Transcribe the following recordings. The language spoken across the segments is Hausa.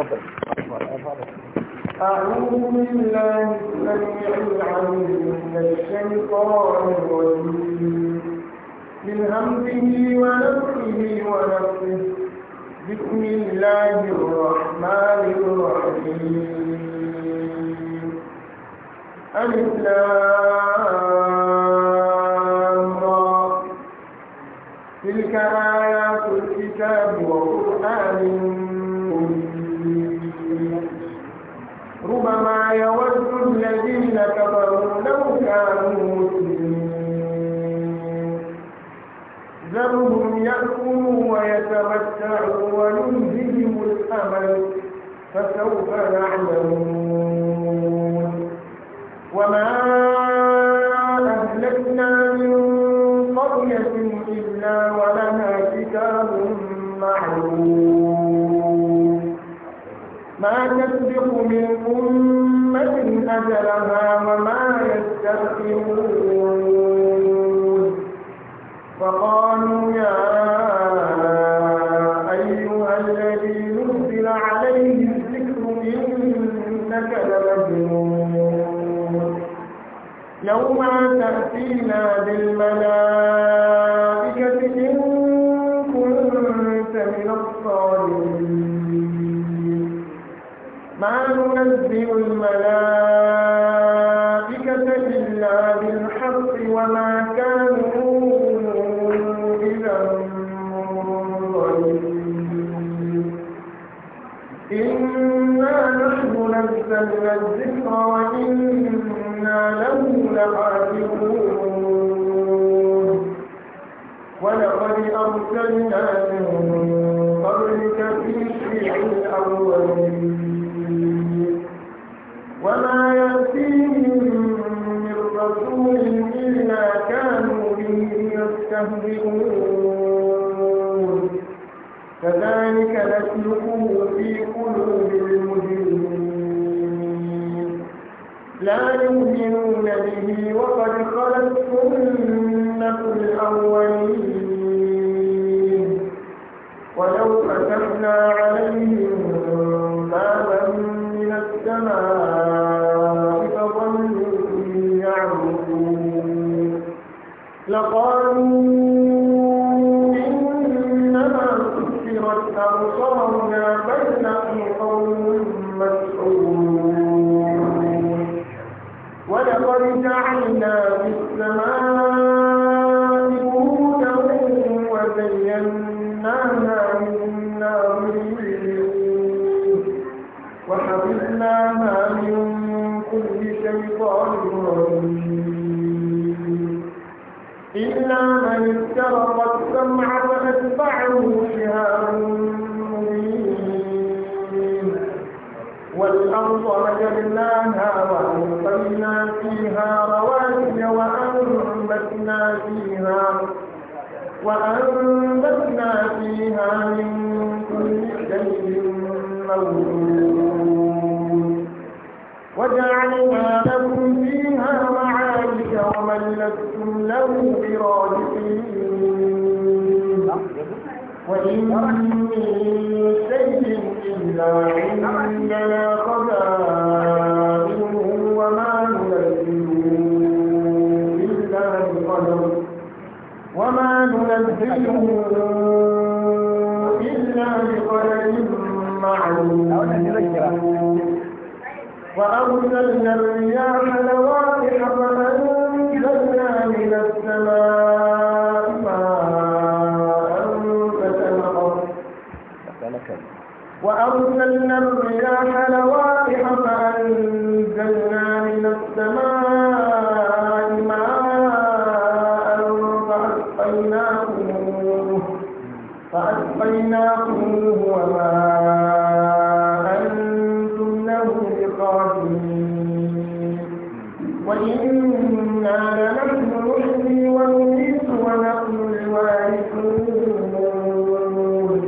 تفضل أعوذ بالله السميع العليم من الشيطان الرجيم من همزه ونفسه ونفسه بسم الله الرحمن الرحيم الإسلام تلك آيات الكتاب وقرآن ربما يود الذين كفروا لو كانوا مسلمين ذرهم يأكلوا ويتمتعوا ويلههم الأمل فسوف يعلمون ما تسبق من أمة أجلها وما يستأخرون فقالوا يا أيها الذي نزل عليه الذكر إنك لمجنون لو ما تأتينا بالملائكة الملائكة إلا بالحق وما كانوا إذا منظرين إنا نحن نزلنا الذكر وإنا له لحافظون ولقد أرسلنا من قبلك في تهزئون كذلك نسلكه في قلوب المجرمين لا يؤمنون به وقد خلت سنة الأولين ولو فتحنا عليهم بابا من السماء فيها رواسي وأنبتنا فيها وأنبتنا فيها من كل شيء موجود وجعلنا لكم فيها معايش ومن لستم له برازقين وإن من شيء إلا عندنا خزائن إلا بقدر معلوم وأرسلنا الرياح لواقح فأنزلنا من السماء ماء فتنقر وأرسلنا الرياح لواقح فأنزلنا من السماء ماء فأسقيناكموه وما أنتم له بخازنين وإنا لنحن نحيي ونميت ونحن الوارثون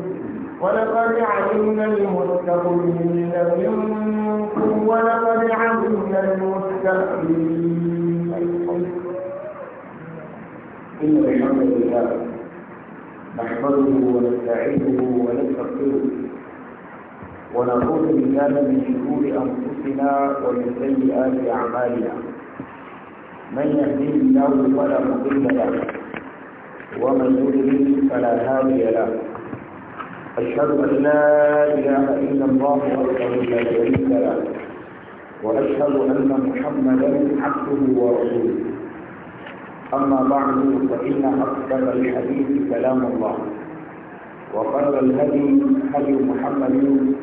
ولقد علمنا المستقبلين منكم ولقد علمنا المستقبلين الحمد نحمده ونستعينه ونستغفره ونعوذ بالله من شرور انفسنا ومن سيئات اعمالنا من يهديه الله فلا مضل له ومن يضلل فلا هادي له اشهد ان لا اله الا الله وحده لا شريك له واشهد ان محمدا عبده ورسوله أما بعد فإن أصدق الحديث كلام الله وقال الهدي هدي محمد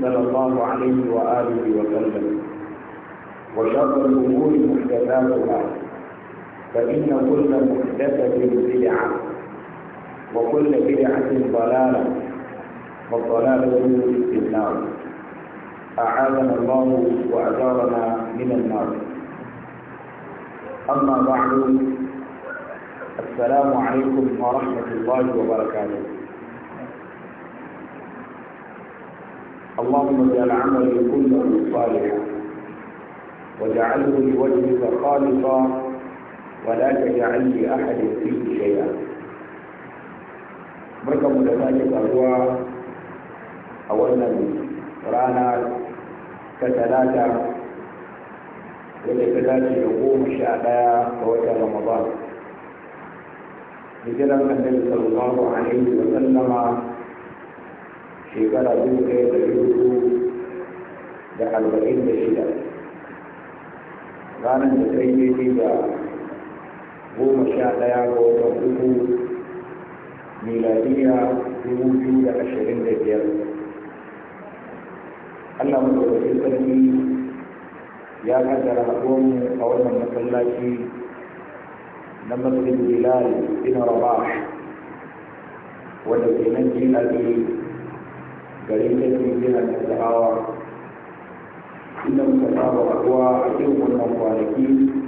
صلى الله عليه وآله وسلم وشر الأمور محدثاتها فإن كل محدثة بدعة وكل بدعة ضلالة والضلالة في النار أعاذنا الله وأجارنا من النار أما بعد السلام عليكم ورحمة الله وبركاته اللهم اجعل عملي كله صالحا واجعله لوجهك خالصا ولا تجعل لأحد فيه شيئا بركة متفاجئة أرواح أولا رانا كثلاثة ولكذلك يقوم شعبا فوجه رمضان hijiran annabi sallallahu alaihi wa sallama shekara dubu ɗaya da dubu da arba'in da shida ranar da ta yi daidai da goma sha ɗaya ga watan uku miladiya dubu biyu da ashirin da biyar allah mu ɗaukakin sarki ya kaddara haɗuwar a wannan masallaci لما بن بلال بن رباح والذي نجي أبي من بها التعاور إنهم تتعاور أقوى أجوم المصالحين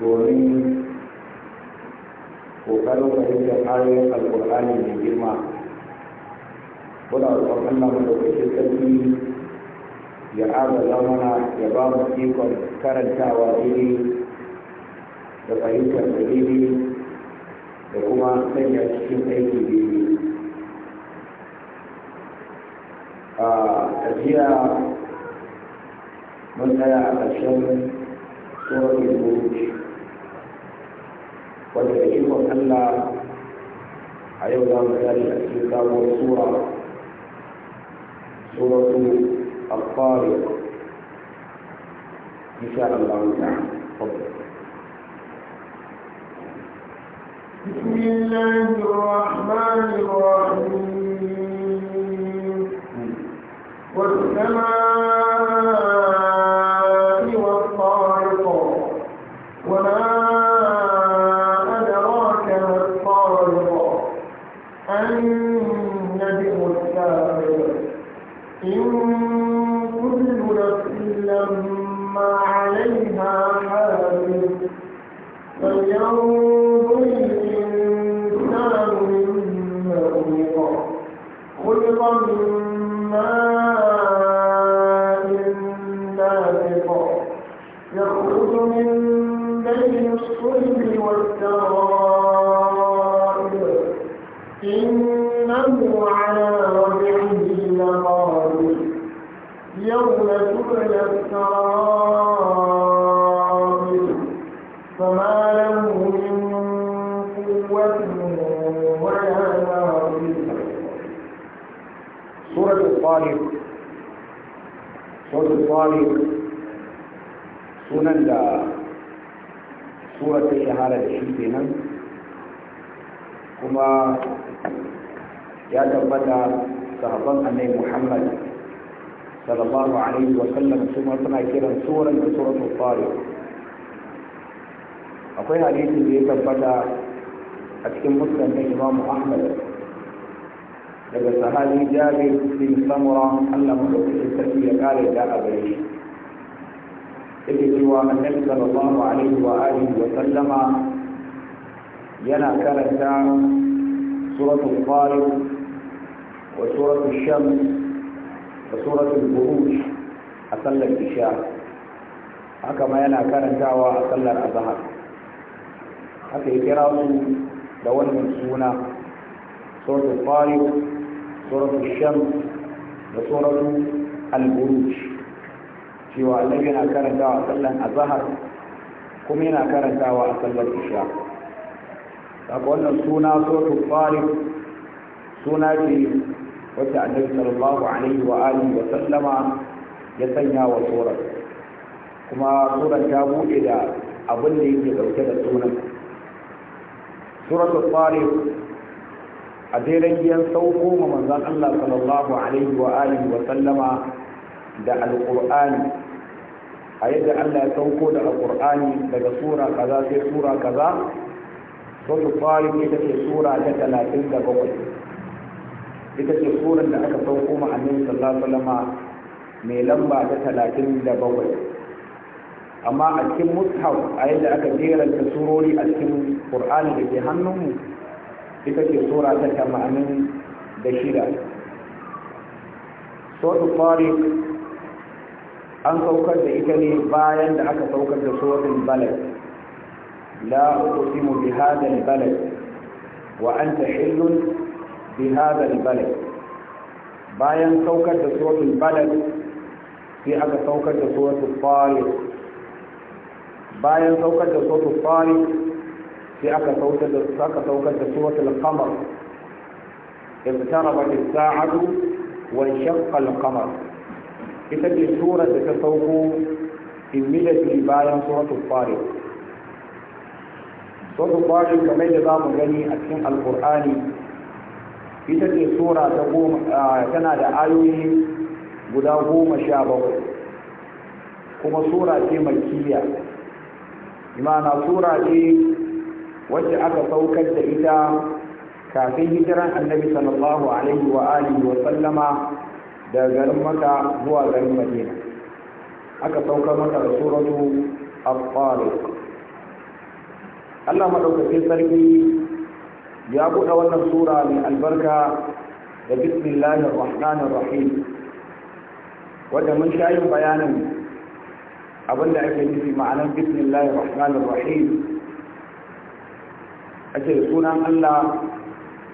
دونين وقالوا فهمت آية القرآن من جرمى ولا أقول أن من لو يا هذا زمنا يا بابا فيكم كرنتا وإلي da fahimtar da daidai da kuma sanya cikin aiki daidai a tafiya mun tsaya a ƙarshen tsohon buruci wanda da ikon allah a yau za mu tsari a cikin sabuwar sura suratu a إن شاء الله تعالى بسم الله الرحمن الرحيم والسماء خلق من ماء دافق يخرج من بين الصلب والترائب إنه على رجعه لقادر يوم تبلى السرائر فما سورة الطارق سورة sunan da sura ta shahara da shi kenan kuma ya tabbata sahabban annai muhammad sallallahu alaihi wa suna kiran suran da suratul akwai hadisi da ya tabbata a cikin muslim na ahmad daga sahabi jabir bin samura Allah madaukakin sarki ya kare da a gare shi yake cewa annabi sallallahu alaihi wa alihi wa sallama yana karanta suratul qariq wa suratul shams wa suratul buruj a sallar isha haka ma yana karantawa a sallar azhar haka ya kira su da wannan suna suratul qariq suratul shams da suratul al-buruj cewa annabi yana karantawa a sallan kuma yana karantawa a sallar isha haka wannan suna suratul farid suna ce wacce annabi sallallahu alaihi wa alihi wa sallama ya sanya wa surar kuma surar ta buɗe da abin yake ɗauke da sunan suratul a jeren sauko ma manzon Allah sallallahu alaihi wa alihi wa sallama da alqur'ani a yadda Allah ya sauko da alqur'ani daga sura kaza sai sura kaza so su Talib ita ce sura ta talatin da bakwai, ita ce surar da aka sauko ma annabi sallallahu alaihi wa sallama mai lamba ta talatin da bakwai, amma a cikin mushaf a yadda aka jeranta surori a cikin ƙur'ani da ke hannunmu ita ce sura ta tamanin da shida sautu tariq an saukar da ita ne bayan da aka saukar da suratul balad la uqsimu bi hadha al-balad wa anta hillun bi hadha al-balad bayan saukar da suratul balad sai aka saukar da suratul tariq bayan saukar da suratul tariq sai aka saukar da aka saukar da suratul qamar sa'adu wani وانشق القمر ita ce tura da ta sauko immediately bayan suratul farid suratul farid game da za zamu gani a cikin alkur'ani ita ce sura ta goma tana da ayoyi guda goma sha bakwai kuma sura ce makiya imana sura ce wacce aka saukar da ita kafin hijiran annabi sallallahu alaihi wa alihi wa sallama daga garin maka zuwa garin madina aka saukar maka da suratu al-tariq Allah madaukakin sarki ya buɗe wannan sura mai albarka da bismillahir rahmanir rahim wanda mun sha yin bayanin abinda ake nufi ma'anar bismillahir rahmanir rahim ake da sunan Allah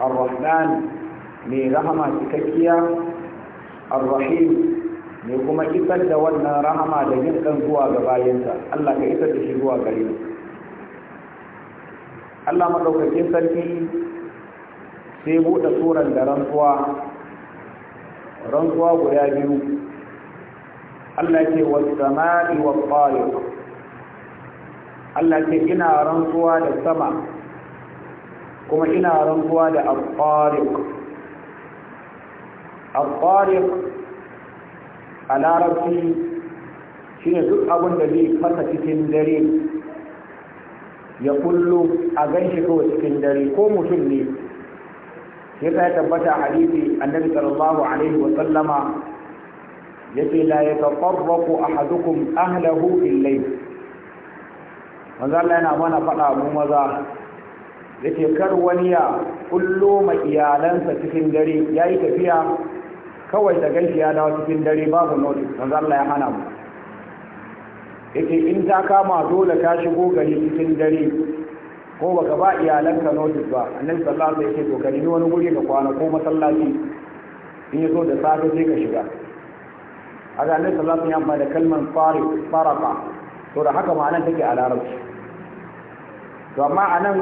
ar-Rahman mai rahama cikakkiya ar-Rahim mai kuma isar da wannan rahama da jin kan zuwa ga bayansa Allah ka isar da shi zuwa gare mu Allah madaukakin sarki sai buɗe suran da rantsuwa rantsuwa guda biyu Allah ce wasu samai wat-tariq Allah ce ina rantsuwa da sama kuma ina rantsuwa da al-tariq al-tariq a larabci shine duk abin da zai fasa cikin dare ya kullu a ganshi kawai cikin dare ko mutum ne sai ta tabbata a hadisi annabi sallallahu alaihi wa sallama yace la yatafarraqu ahadukum ahlahu bil layl manzo Allah yana mana faɗa mu maza yake kar wani ya kullo ma iyalansa cikin dare ya yi tafiya kawai ta gaishe ya dawo cikin dare babu notice manzo Allah ya hana mu yake in ta kama dole ka shigo gari cikin dare ko baka ba iyalanka notice ba annabi sallallahu alaihi wasallam yake to wani guri ka kwana ko masallaci in ya da safe sai ka shiga haka annabi sallallahu alaihi wasallam ya da kalmar fariq farqa to da haka ma'anar take a larabci to amma anan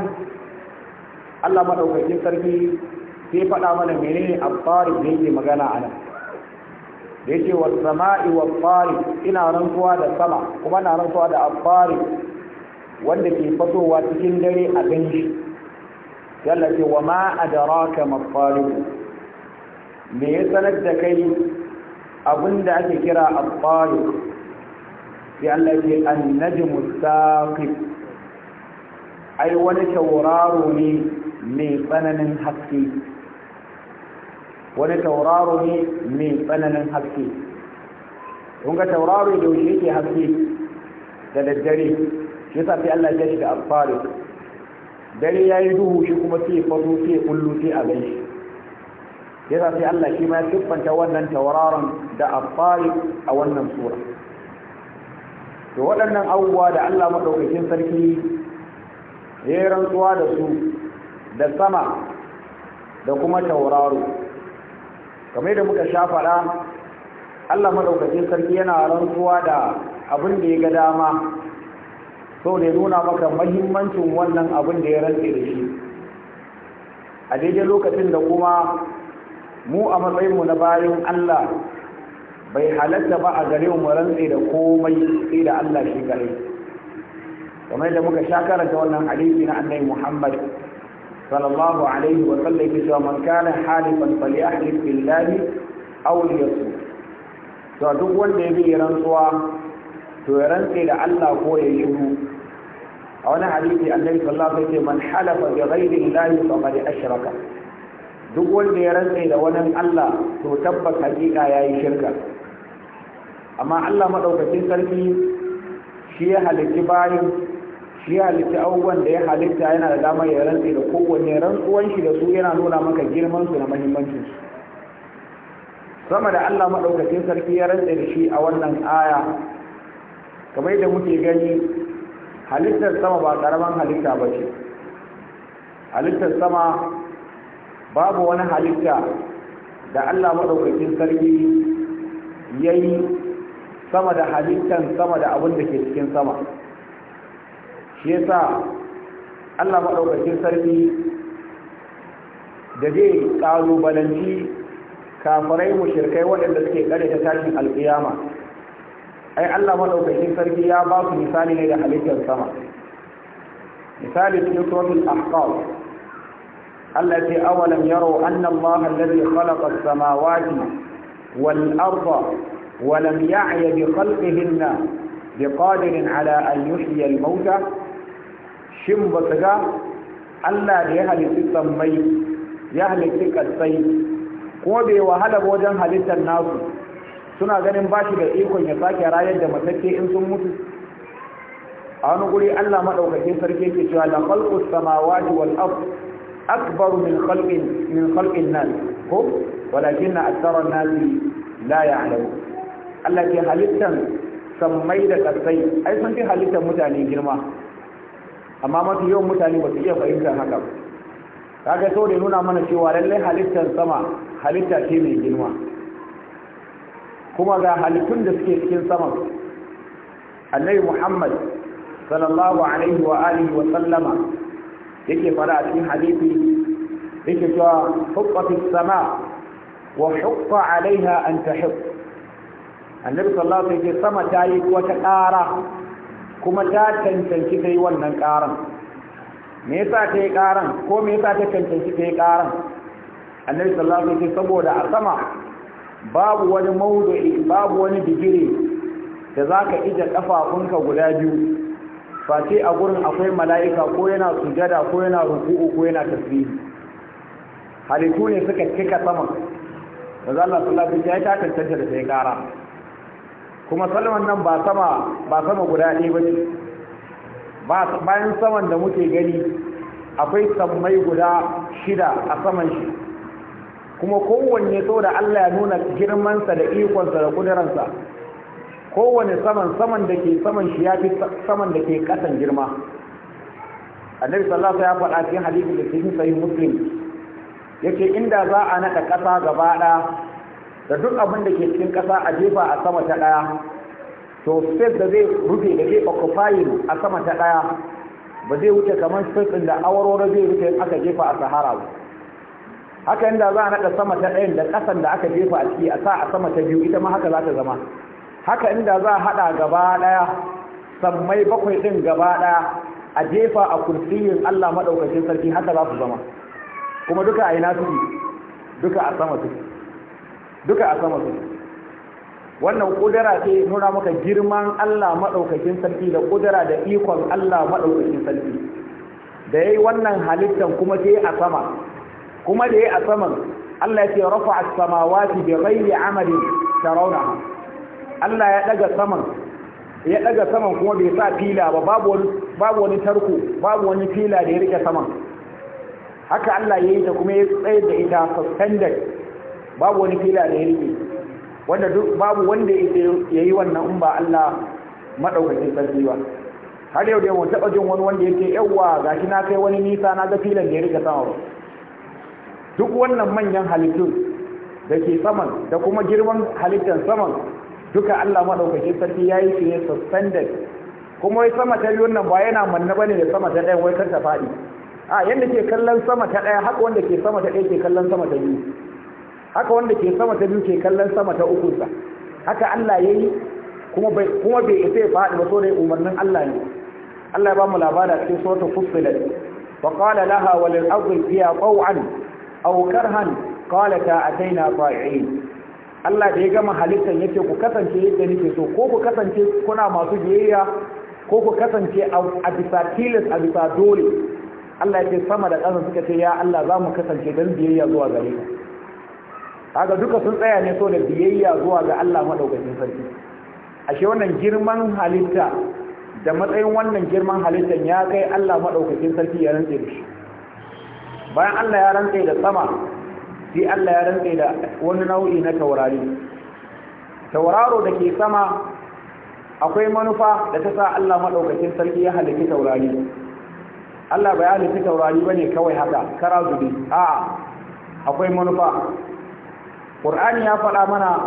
Allah madaukakin sarki sai faɗa mana menene al-tariq da yake magana a nan da yake wa sama'i wa tariq ina rantsuwa da sama kuma na rantsuwa da al wanda ke fasowa cikin dare a ganshi yalla ce wa ma adraka ma tariq me ya sanar da kai abin da ake kira al-tariq sai Allah ce an-najmu saqib ai wani tauraro ne mai tsananin haske wani tauraro ne mai tsananin haske kun ga tauraro yaushe yake haske da daddare shi yasa sai Allah ya shiga alfarin dare ya yi duhu shi kuma sai fazo sai kullu sai a gan shi yasa sai Allah shi ma ya siffanta wannan tauraron da alfarin a wannan sura to waɗannan abubuwa da Allah maɗaukakin sarki ya yi rantsuwa da su da sama da kuma tauraro kamar da muka sha faɗa Allah madaukakin sarki yana rantsuwa da abin da ya ga dama da ya nuna maka mahimmancin wannan abin da ya rantse da shi a daidai lokacin da kuma mu a matsayinmu na bayan Allah bai halatta ba a gare mu rantse da komai sai da Allah shi gare kamar da muka sha karanta wannan hadisi na annabi Muhammad sallallahu alaihi wa sallam yake cewa man kana halifan falyahlif billahi aw liyasmut to duk wanda yake rantsuwa to ya rantse da Allah ko ya shiru a wani hadisi annabi sallallahu alaihi wasallam man halafa bi ghairi llahi faqad ashraka duk wanda ya rantse da wani Allah to tabbas hakika yayi shirka amma Allah madaukakin sarki shi ya halicci bayin shi halitta abubuwan da ya halitta yana da damar ya rantse da kowanne rantsuwan shi da su yana nuna maka girman su da mahimmancin su sama da Allah madaukakin sarki ya rantse da shi a wannan aya kamar da muke gani halittar sama ba karaman halitta ba ce halittar sama babu wani halitta da Allah madaukakin sarki ya yi sama da halittan sama da abin da ke cikin sama shi yasa Allah maɗaukacin sarki da zai ƙalubalanci kafirai mushirkai waɗanda suke ƙare ta tashin alƙiyama ai Allah maɗaukacin sarki ya ba su misali ne da halittar sama misali cikin suratul ahqaf Allah ce awalam yaro anna Allah alladhi khalaqa as-samawati wal arda wa lam ya'ya bi khalqihinna biqadirin ala an yuhyiya al-mauta shin ba su ga Allah da ya halitti sammai ya halitti ƙasai. ko bai wahala wajen halittar nasu suna ganin ba shi da ikon ya sake rayar da matakke in sun mutu a wani guri Allah maɗaukakin sarki ke cewa la khalqu samawati wal ard akbaru min khalqin min khalqin ko walakin na an nasi la ya'lamu Allah ke halittan sammai da ƙasai, ai sun fi halittar mutane girma amma mafi yawan mutane ba su iya fahimtar haka ba kaga so da nuna mana cewa lallai halittar sama halitta ce mai girma kuma ga halittun da suke cikin sama annabi muhammad sallallahu alaihi wa alihi wa sallama yake fara a cikin halittu. yake cewa hukka fi sama wa hukka alaiha an tahib annabi sallallahu alaihi wa sallam sama ta yi wata ƙara kuma ta cancanci ta yi wannan ƙaran me yasa ta yi ƙaran ko me yasa ta cancanci ta yi ƙaran annabi sallallahu alaihi wasallam saboda a sama babu wani mawdu'i babu wani digiri da zaka ije kafafunka guda biyu face a gurin akwai mala'ika ko yana sujada ko yana ruku'u ko yana tasbihi halittu ne suka cika sama da Allah sallallahu alaihi wasallam ya ta cancanta da sai ƙara kuma salman nan ba sama ba sama guda ɗaya ba ce bayan saman da muke gani akwai sammai guda shida a saman shi kuma kowanne so da Allah ya nuna girmansa da ikonsa da kudiransa kowanne saman saman da ke saman shi ya fi saman da ke kasan girma annabi sallallahu ya faɗa cikin hadisi da cikin sahih muslim yace inda za a naɗa ƙasa gaba ɗaya da duk abin da ke cikin ƙasa a jefa a sama ta ɗaya to space da zai rufe da zai occupying a sama ta ɗaya ba zai wuce kamar space ɗin da awarwaro zai rufe in aka jefa a sahara ba haka yadda za a naɗa sama ta ɗayan da ƙasan da aka jefa a ciki a sa a sama ta biyu ita ma haka za ta zama haka inda za a haɗa gaba ɗaya sammai bakwai ɗin gaba ɗaya a jefa a kursiyin Allah maɗaukacin sarki haka za su zama kuma duka a yi nasu duka a sama su. duka a sama su wannan kudura ce nuna maka girman Allah maɗaukakin sarki da kudura da ikon Allah maɗaukakin sarki da ya yi wannan halittan kuma ta a sama kuma da ya yi a saman Allah ya ce rafa a samawati bi ghairi amalin tarawna Allah ya daga saman ya daga saman kuma bai sa fila ba babu wani babu wani tarko babu wani fila da ya rike saman haka Allah ya yi ta kuma ya tsayar da ita suspended babu wani fila da ya riƙe wanda duk babu wanda ya yi wannan in ba Allah maɗaukakin sarki ba har yau dai mun taɓa jin wani wanda yake yawwa gashi na kai wani nisa na ga filan da ya rike sama ba duk wannan manyan halittun da ke saman da kuma girman halittan saman duka Allah maɗaukakin sarki ya yi su ne suspended kuma wai sama ta biyun wannan ba yana manna bane da sama ta ɗaya wai kar ta faɗi a yadda ke kallon sama ta ɗaya haka wanda ke sama ta ɗaya ke kallon sama ta biyu haka wanda ke sama ta biyu ke kallon sama ta ukunsa haka Allah ya yi kuma bai isa ya faɗi ba so da umarnin Allah ne Allah ya ba mu labara cikin suratul fussilat wa qala laha wa lil ardi fiya qaw'an aw karhan qalata ataina fa'in Allah da ya gama halittar yake ku kasance yadda nake so ko ku kasance kuna masu biyayya ko ku kasance a bisa tilas a bisa dole Allah ya ce sama da ƙasa suka ce ya Allah za mu kasance don biyayya zuwa gare ka haka duka sun tsaya ne so da biyayya zuwa ga Allah madaukakin sarki ashe wannan girman halitta da matsayin wannan girman halittan ya kai Allah madaukakin sarki ya rantse da shi bayan Allah ya rantse da sama sai Allah ya rantse da wani nau'i na taurari tauraro da ke sama akwai manufa da ta sa Allah madaukakin sarki ya halitta taurari Allah bai halitta taurari bane kawai haka kara zubi a'a akwai manufa ƙur'ani ya faɗa mana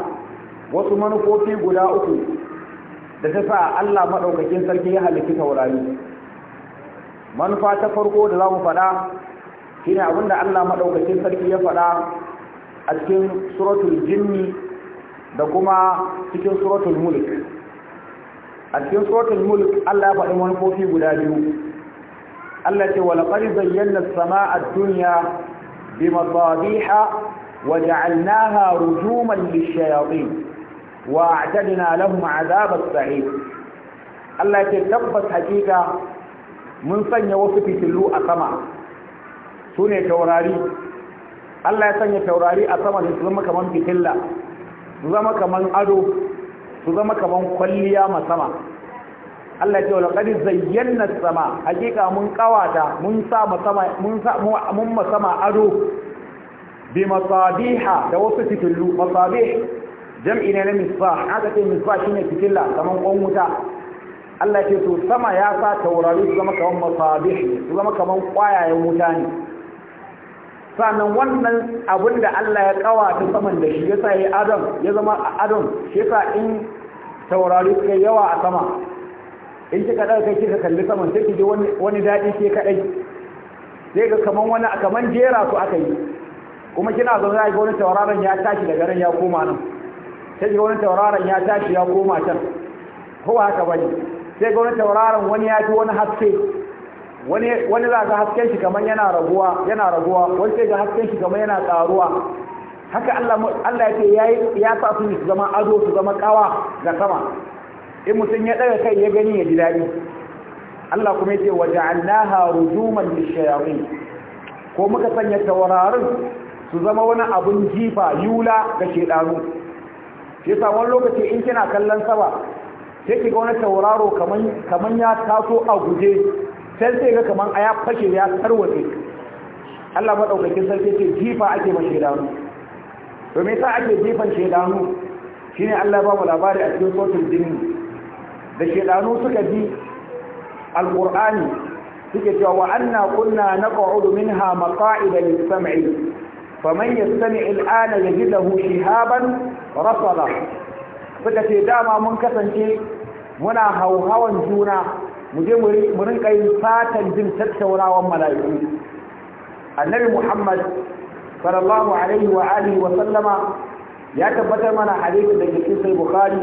wasu manufofi guda uku da ta sa Allah maɗaukakin sarki ya halitta taurari manufa ta farko da za mu faɗa shi ne abinda Allah maɗaukakin sarki ya faɗa a cikin suratul jinni da kuma cikin suratul mulk a cikin suratul mulk Allah ya faɗi manufofi guda biyu Allah ce wa laqad zayyana as-samaa'a ad-dunya bi masabiha وجعلناها رجوما للشياطين واعتدنا لهم عذاب السعير الله يتلبس حقيقة من سنة وصفي تلو أسمع سنة توراري الله يسنة توراري أسمع لسلم كمان بتلا سلم كمان أدو سلم كمان قليا مسمع Allah ce wala qad zayyana as-sama hakika mun kawata mun sa mun sa mun masama ado bi masabiha da wasu fitillu masabih jam'i ne na misbah aka ce misbah shine fitilla kamar kwan wuta Allah ce to sama ya sa taurari su zama kaman masabih su zama kamar kwayayen wuta ne sannan wannan abin da Allah ya kawata saman da shi ya sa ya adam ya zama adam shi yasa in taurari suka yawa a sama in kika ɗaga kai kika kalli saman sai ki ji wani daɗi ke kaɗai sai ga kaman wani kaman jera su aka yi kuma kina zaune ga wani tauraron ya tashi daga nan ya koma nan sai ga wani tauraron ya tashi ya koma can ko haka bane sai ga wani tauraron wani ya ji wani haske wani wani za ga hasken shi kamar yana raguwa yana raguwa wani sai ga hasken shi kamar yana karuwa haka Allah Allah yake yayi ya sa su su zama ado su zama kawa ga sama in mutum ya daga kai ya gani ya ji dadi Allah kuma yake waja'alnaha rujuman lishayatin ko muka sanya taurarin su zama wani abun jifa yula ga shedanu shi yasa wani lokaci in kina kallon sama sai kiga wani tauraro kaman kaman ya taso a guje sai sai ga kaman aya fashe ya tarwatse Allah madaukakin sarki ce jifa ake ma shedanu to me yasa ake jifan shedanu shine Allah ba mu labari a cikin suratul jinn da shedanu suka bi alqur'ani suke cewa wa anna kunna naq'udu minha maqa'ida lis-sam'i faman yastami al'ana yajidahu shihaban rasala suka ce dama mun kasance muna hauhawan juna mu je mu rinka yin fatan jin tattaunawan mala'iku annabi muhammad sallallahu alaihi wa wa sallama ya tabbatar mana hadisin da ke cikin bukhari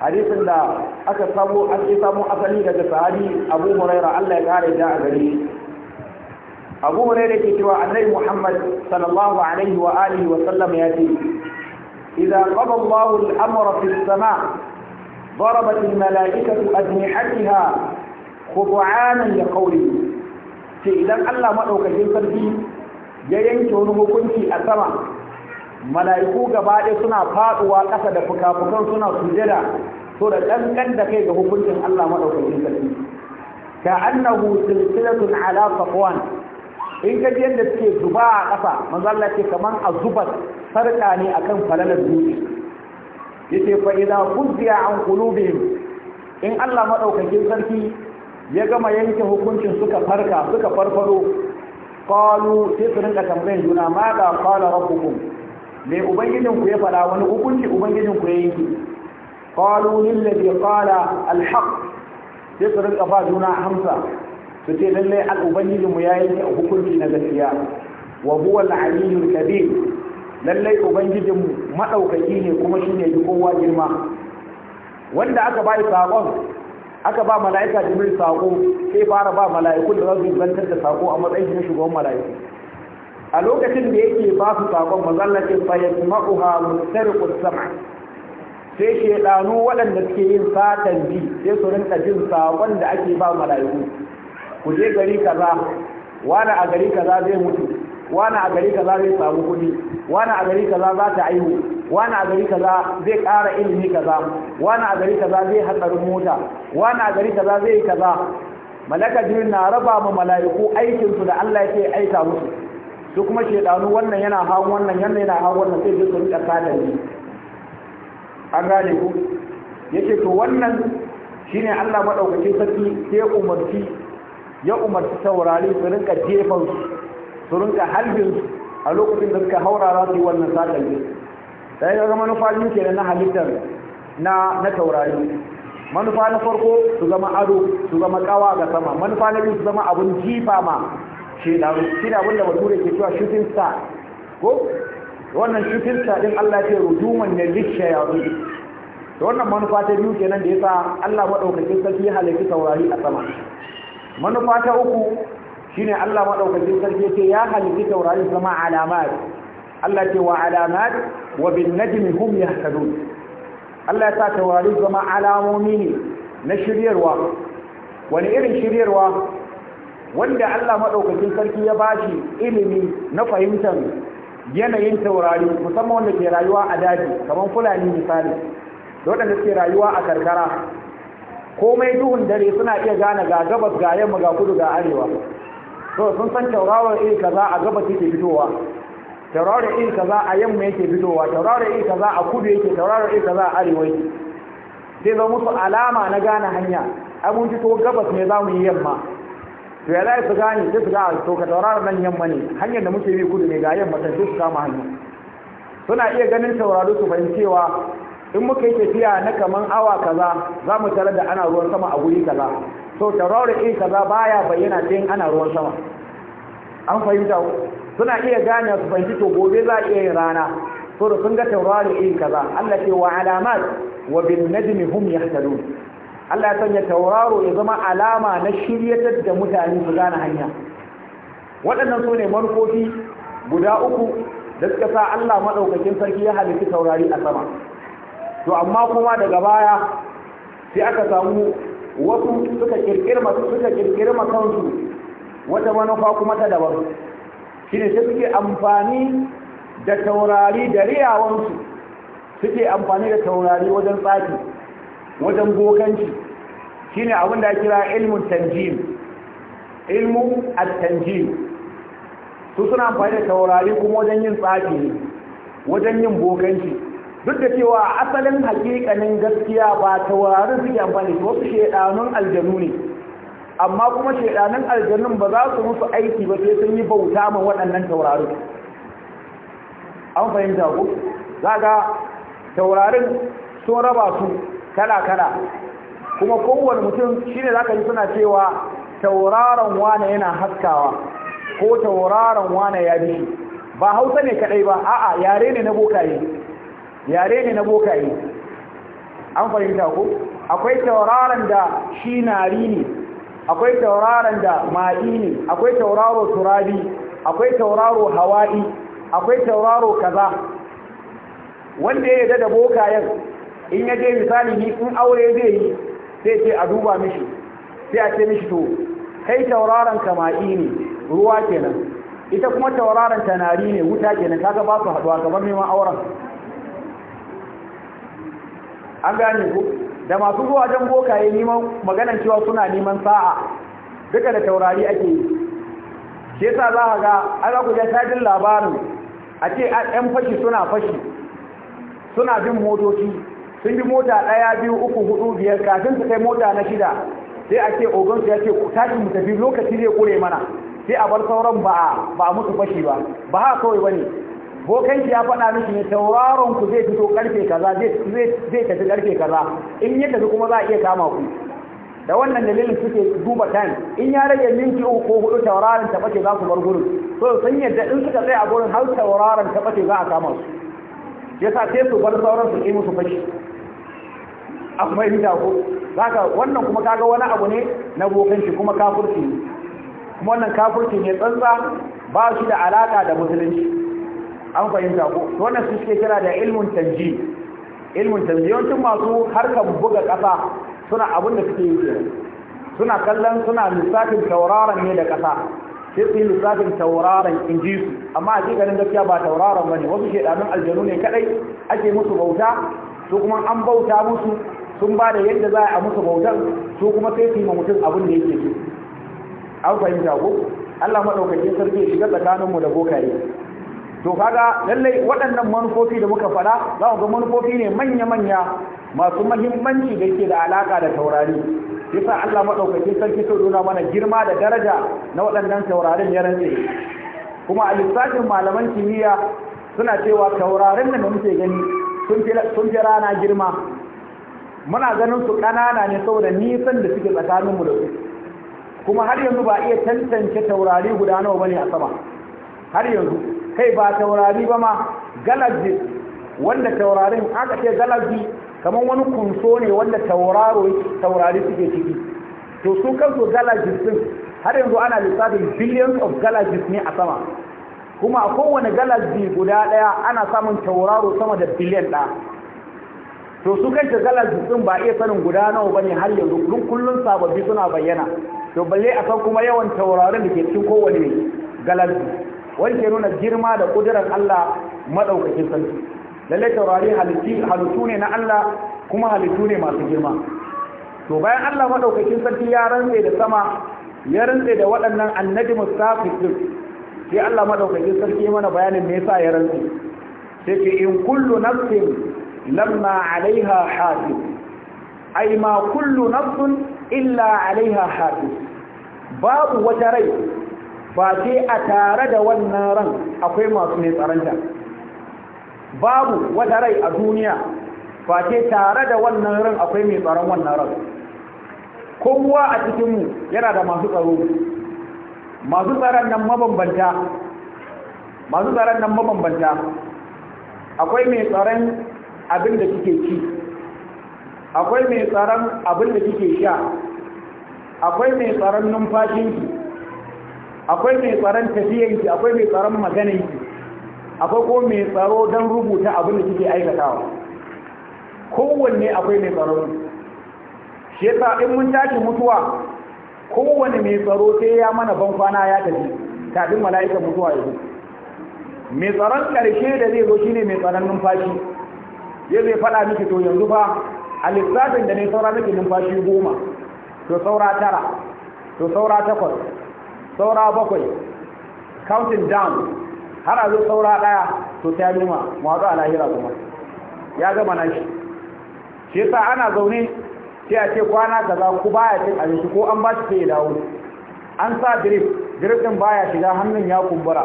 hadisin da aka samo asali daga sahabi abu huraira Allah ya kare da a gare shi abu da ke cewa annabi muhammad sallallahu alaihi wa alihi wa sallam ya ce idza qada allah al-amra fi as-sama' ضربت الملائكة أجنحتها خضعانا لقوله ce idan Allah maɗaukakin sarki ya yanke wani hukunci a sama mala'iku gaba ɗaya suna faɗuwa ƙasa da fukafukan suna sujada so da ɗanɗan da kai ga hukuncin Allah maɗaukakin sarki ka annahu silsilatun ala safwan in ka yadda suke zuba a ƙasa mazalla ce kaman a zubar sarka ne akan falalar Ya yace fa idan qudiya an qulubihim in Allah madaukakin sarki ya gama yanke hukuncin suka farka suka farfado qalu sai su rinka tambayin juna ma da qala rabbukum me ubangijin ku ya fada wani hukunci ubangijin ku ya yanke qalu lil qala alhaq haqq sai su rinka fa juna hamsa su ce lallai al'ubangijin mu yayi yi hukunci na gaskiya wa huwa al-aliyyul kabir lallai ubangijin mu madaukaki ne kuma shine yi kowa girma wanda aka bai sakon aka ba mala'ika jibril sako sai fara ba mala'iku da zai su da sako a matsayin na shugaban mala'iku a lokacin da yake ba su sakon mazallati fa yasma'uha mustariqus sam'a sai shedanu waɗanda suke yin satan ji sai su rinka jin sakon da ake ba mala'iku ku je gari kaza wani a gari kaza zai mutu wani a gari kaza zai samu kuɗi wani a gari kaza za ta aihu wani a gari kaza zai ƙara ilimi kaza wani a gari kaza zai hatsarin mota wani a gari kaza zai kaza malaka jirin na raba ma mala'iku aikin su da Allah ya ce aika musu su kuma shedanu wannan yana hawan wannan yana yana hawan wannan sai duk rika kada ne an gane ku yake to wannan shine Allah madaukakin sarki sai umarci ya umarci taurari su rinka jefan su rinka halbin su a lokacin da suka haura za su yi wannan sakalli da ya ga manufa biyu kenan na halittar na na taurari manufa na farko su zama ado su zama kawa ga sama manufa na biyu su zama abun jifa ma shi da shi da wanda bature ke cewa shooting star ko wannan shooting star din Allah ya ce rujuman ne lishayatu to wannan manufa ta biyu kenan da yasa Allah madaukakin sarki halaki taurari a sama manufa ta uku shine Allah madaukakin sarki ce ya halitta taurari zama alamat Allah ce wa alamat wa bin najmi hum yahtadun Allah ya sa taurari zama alamomi ne na shiryarwa wani irin shiryarwa wanda Allah madaukakin sarki ya bashi ilimi na fahimtar yanayin taurari musamman wanda ke rayuwa a daji kamar fulani misali da waɗanda suke rayuwa a karkara komai duhun dare suna iya gane ga gabas ga yamma ga kudu ga arewa to sun san taurawar iri kaza a gabas yake fitowa taurawar iri kaza a yamma yake fitowa taurawar iri kaza a kudu yake taurawar iri kaza a arewa yake sai zo musu alama na gane hanya abun fito gabas ne za mu yi yamma to ya zai su gane sai su ga ah, to ka taurawar nan yamma ne hanyar da muke bi kudu ne ga yamma sai su kama hanya suna iya ganin tauraro su fahimcewa in muka yi tafiya na kaman awa kaza za mu tarar da ana ruwan sama a guri kaza so in kaza baya bayyana din ana ruwan sama an fahimta suna iya gane su fahimci to gobe za iya yin rana so da sun ga taurari in kaza Allah ce wa alamat wa bin najmi hum yahtadun Allah ya sanya tauraro ya zama alama na shiryatar da mutane su gane hanya waɗannan sune ne manufofi guda uku da suka sa Allah madaukakin sarki ya halitta taurari a sama to amma kuma daga baya sai aka samu wasu suka masu suka kirkirma kansu wata manufa kuma ta daban shine sai suke amfani da taurari da riyawansu suke amfani da taurari wajen tsaki wajen bokanci shine abin da kira ilmun tanjim ilmu at-tanjim su suna amfani da taurari kuma wajen yin tsaki wajen yin bokanci duk da cewa asalin hakikanin gaskiya ba taurarin suke amfani wasu shaidanun aljanu ne amma kuma shaidanun aljanun ba za su musu aiki ba sai sun yi bauta ma waɗannan taurarin an fahimta ku za ga taurarin sun raba su kala-kala kuma kowane mutum shi ne za ka yi suna cewa tauraron wane yana haskawa ko tauraron wane ya bi ba hausa ne kaɗai ba a'a yare ne na bokaye yare ne na bokaye an fahimta ku. akwai tauraron da shi nari ne akwai tauraron da ma'i ne akwai tauraro turabi akwai tauraro hawa'i akwai tauraro kaza wanda ya yarda da bokayen in ya je misali ni in aure zai yi sai ce a duba mishi sai a ce mishi to kai tauraron ka ma'i ne ruwa kenan ita kuma tauraron tanari ne wuta kenan kaga ba su haduwa kamar neman auren an gane ku da masu zuwa jan bokaye neman maganan cewa suna neman sa'a duka da taurari ake yi shi yasa za ka ga an ga kujen sajin labarin a ce yan fashi suna fashi suna bin motoci sun bi mota ɗaya biyu uku hudu biyar kafin su kai mota na shida sai a ce ogonsu ya ce tashi mu tafi lokaci zai kure mana sai a bar sauran ba a musu fashi ba ba ha kawai ba bokan ya faɗa miki ne tauraron ku zai fito karfe kaza zai tafi karfe kaza in ya tafi kuma za a iya kama ku da wannan dalilin suke duba time in ya rage minti uku ko hudu tauraron ta bace za ku bar gurin so sun yadda in suka tsaya a gurin har tauraron ta bace za a kama su yasa sai su bar sauran su yi musu fashi akwai rida ko zaka wannan kuma kaga wani abu ne na bokanci kuma kafurci ne kuma wannan kafurci ne tsantsa ba shi da alaka da musulunci an fahimta ko wannan su suke kira da ilmun tanji ilmun tanji yawancin masu harkar buga ƙasa suna abin da suke yi suna kallon suna lissafin tauraron ne da ƙasa sai su yi lissafin tauraron in ji su amma a ganin gaskiya ba tauraron ba ne wasu shaidanun aljanu ne kaɗai ake musu bauta su kuma an bauta musu sun ba da yadda za a musu bautar su kuma sai su yi ma mutum abin da yake so an fahimta ko Allah maɗaukakin sarki shiga tsakaninmu da bokaye to kaga lallai waɗannan manufofi da muka faɗa za ku ga manufofi ne manya-manya masu mahimmanci da yake da alaƙa da taurari yasa Allah maɗaukakin sarki so nuna mana girma da daraja na waɗannan taurarin ya rantse kuma a lissafin malaman kimiyya suna cewa taurarin da muke gani sun fi rana girma muna ganin su ƙanana ne saboda nisan da suke tsakaninmu da su kuma har yanzu ba iya tantance taurari guda nawa bane a sama har yanzu kai ba taurari ba ma galaji wanda taurarin aka ce galaji kamar wani kunso ne wanda tauraro taurari suke ciki to su kansu galaji din har yanzu ana lissafin billions of galaji ne a sama kuma a kowane galaji guda daya ana samun tauraro sama da billion ɗaya to su kanta galaji din ba iya sanin guda nawa bane har yanzu duk kullun sababbi suna bayyana to balle a san kuma yawan tauraron da ke cikin kowane galaji wani nuna girma da ƙudurar Allah maɗaukakin sarki lallai taurari halittu ne na Allah kuma halittu ne masu girma to bayan Allah maɗaukakin sarki ya rantse da sama ya rantse da waɗannan annabi mustafi din sai Allah maɗaukakin sarki mana bayanin me yasa ya rantse sai ce in kullu nafsin lamma alaiha hasib ai ma kullu nafsin illa alaiha hasib babu wata rai ba sai a tare da wannan ran akwai masu mai tsaranta babu wata rai a duniya ba sai tare da wannan ran akwai mai tsaron wannan ran kowa a cikinmu yana da masu tsaro masu tsaron nan mabambanta masu tsaron nan mabambanta akwai mai tsaron abin da kike ci akwai mai tsaron abin da kike sha akwai mai tsaron numfashinki akwai mai tsaron tafiyanki akwai mai tsaron magananki akwai ko mai tsaro don rubuta abin da kike aikatawa kowanne akwai mai tsaro shi yasa in mun tashi mutuwa kowanne mai tsaro sai ya mana ban kwana ya tafi kafin mala'ikan mutuwa ya zo mai tsaron karshe da zai zo shine mai tsaron numfashi ya zai faɗa miki to yanzu fa a lissafin da ne saura miki numfashi goma to saura tara to saura takwas saura bakwai counting down har a saura daya to ta nima mu haɗu a lahira kuma ya gama na shi shi yasa ana zaune sai a ce kwana kaza ku baya cin abinci ko an ba shi sai ya dawo an sa drip drip din baya shiga hannun ya kumbura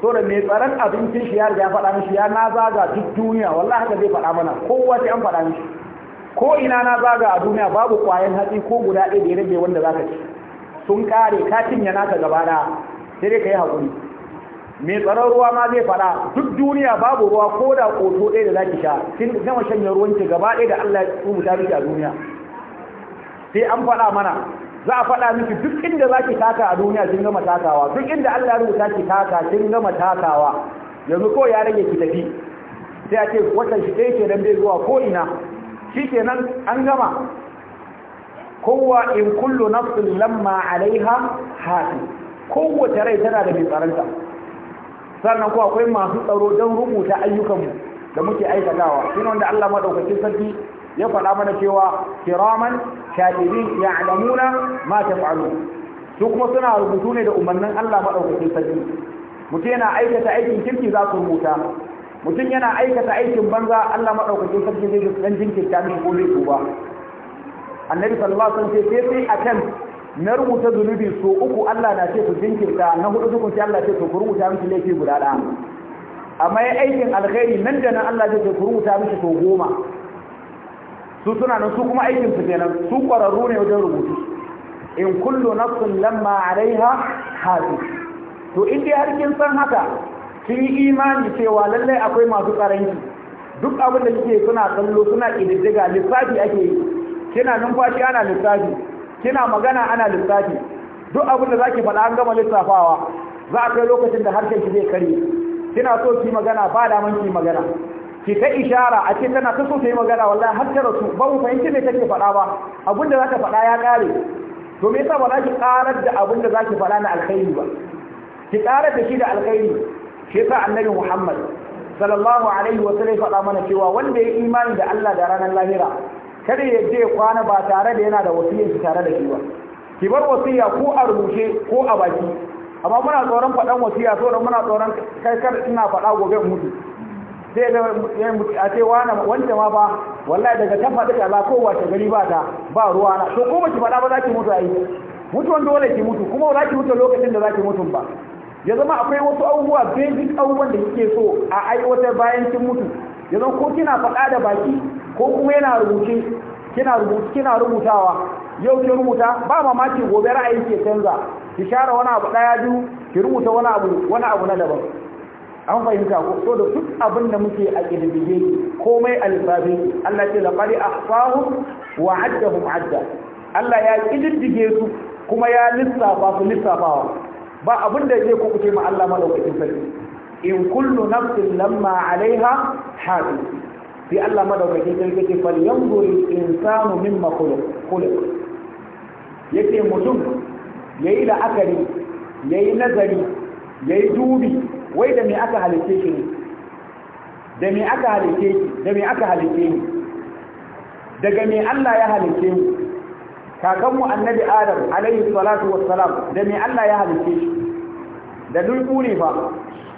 to da mai tsaron abincin shi ya riga faɗa mishi ya na zaga duk duniya wallahi haka zai faɗa mana kowa sai an faɗa mishi ko ina na zaga a duniya babu kwayan hatsi ko guda ɗaya da ya rage wanda zaka ci sun kare katin ya naka gaba da sai dai ka yi haƙuri mai tsaron ruwa ma zai faɗa duk duniya babu ruwa ko da ƙoto ɗaya da za ki sha sun gama shanye ruwan ki gaba ɗaya da Allah ya rubuta miki a duniya sai an faɗa mana za a faɗa miki duk inda za ki taka a duniya kin gama takawa duk inda Allah ya rubuta ki taka kin gama takawa yanzu ko ya rage ki tafi sai a ce watan shi ɗaya nan bai zuwa ko ina shi kenan an gama kowa in kullu nafsin lamma alaiha hafi kowace rai tana da mai tsaronta sannan ko akwai masu tsaro don rubuta ayyukanmu da muke aikatawa shine wanda Allah madaukakin sarki ya faɗa mana cewa kiraman katibin ya'lamuna ma taf'alun su kuma suna rubutu ne da umarnin Allah madaukakin sarki mutum yana aikata aikin kirki za su rubuta mutum yana aikata aikin banza Allah madaukakin sarki zai dan jinkirta mishi ko zai tuba annabi sallallahu alaihi wasallam sai sai akan na rubuta zunubi so uku Allah na ce su jinkirta na hudu duk sai Allah ce ku rubuta miki laifi guda ɗaya amma ya aikin alkhairi nan da nan Allah ce ku rubuta miki to goma su suna nan su kuma aikin su kenan su kwararru ne wajen rubutu in kullu nafsin lamma alaiha hafi to in har kin san haka kin yi imani cewa lallai akwai masu karanci duk abin da kike suna kallo suna kididdiga lissafi ake yi kina numfashi ana lissafi kina magana ana lissafi duk abin da zaki faɗa an gama lissafawa za a kai lokacin da harshen ki zai kare kina so ki magana ba daman ki magana ki ta ishara a cikin tana ta ta yi magana wallahi har ta rasu ba mu fahimci me kake faɗa ba abin da zaka faɗa ya kare. to me yasa ba za ki ƙarar da abin da zaki faɗa na alkhairi ba ki ƙarar da shi da alkhairi shi yasa annabi Muhammad sallallahu alaihi wa sallam faɗa mana cewa wanda ya imani da Allah da ranar lahira kada ya je kwana ba tare da yana da wasiyar shi tare da shi ba ki bar wasiya ko a rubuce ko a baki amma muna tsoron faɗan wasiya so da muna tsoron kai kar ina faɗa gobe mutu sai da ya mutu a ce wani wanda ma ba wallahi daga ta da Allah ko wace gari ba ta ba ruwa na to ko baki faɗa ba za ki mutu a Mutu mutuwan dole ki mutu kuma ba za ki mutu lokacin da za ki mutu ba ya zama akwai wasu abubuwa basic abubuwan da kike so a aiwatar bayan kin mutu ya zama ko kina faɗa da baki ko kuma yana rubuce kina rubuta kina rubutawa yau ki rubuta ba mamaki gobe ra'ayi ke canza ki share wani abu daya biyu ki rubuta wani abu wani abu na daban an fahimta ko so da duk abin da muke a kididdige komai alisabi Allah ce laqad ahsahu wa addahum adda Allah ya kididdige su kuma ya lissafa su lissafawa ba abin da zai kuɓuce ma Allah madaukakin sarki in kullu nafsin lamma alaiha hafiz sai Allah madaukakin sarki ce fal yanzuru insanu mimma khuliq yace mutum yayi la'akari yayi nazari yayi dubi wai da me aka halice shi da me aka halice shi da me aka halice ni daga me Allah ya halice mu kakanmu annabi Adam alaihi salatu wassalam da me Allah ya halice shi da dulku ne fa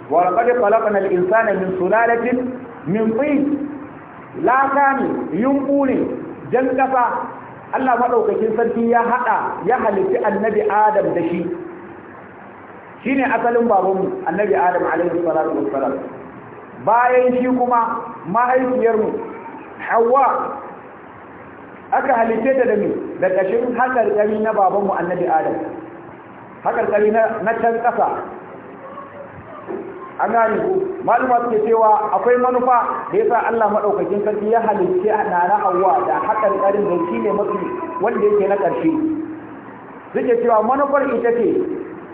wa laqad khalaqna al-insana min sulalatin min tin laka ne yumbu ne jan ƙasa Allah maɗaukakin sarki ya haɗa ya halitti annabi Adam da shi shi ne asalin babanmu annabi Adam alaihi salatu wassalam bayan shi kuma mahaifiyarmu Hawwa aka halitte ta da mu da ƙashin hakarkari na babanmu annabi Adam hakarkari na can ƙasa an gani ku suke cewa akwai manufa da yasa Allah madaukakin sarki ya halicce nana Hawwa da hakan karin da shine mafi wanda yake na karshe suke cewa manufar ita ce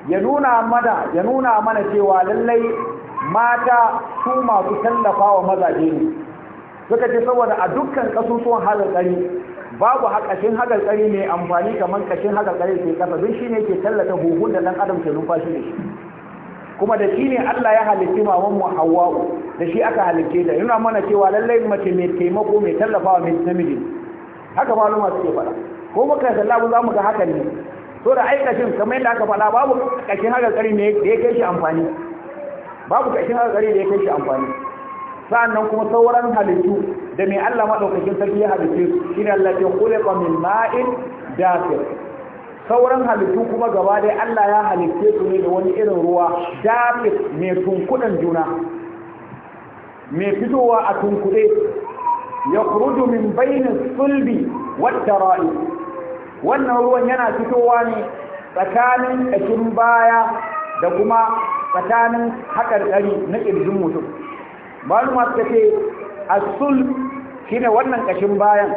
ya nuna mana ya nuna mana cewa lallai mata su masu tallafawa mazaje ne suka ce saboda a dukkan kasusuwan halalƙari babu haƙashin haƙarƙari ne amfani kamar ƙashin haƙarƙari ke ƙasa duk shi ne ke tallata huhun da ɗan adam ke numfashi da shi kuma da shi ne Allah ya halitti maman mu Hawwa'u da shi aka halitte ta yana mana cewa lallai mace mai taimako mai tallafawa mai namiji haka maluma suke faɗa ko muka sallah za mu ga hakan ne to da aikashin kamar yadda aka faɗa babu kashin haƙarƙari ne da ya kai shi amfani babu kashin haƙarƙari da ya kai shi amfani sa'annan kuma sauran halittu da mai Allah madaukakin sarki ya halitte shi ne Allah ya kula min ma'in dafir sauran halittu kuma gaba dai Allah ya halitte su ne da wani irin ruwa dafis mai tunkudan juna mai fitowa a tunkuɗe ya kurudu min bainin sulbi wata ra'i wannan ruwan yana fitowa ne tsakanin ƙashin baya da kuma tsakanin haƙarƙari na ƙirjin mutum maluma masu ce a sul shine wannan ƙashin bayan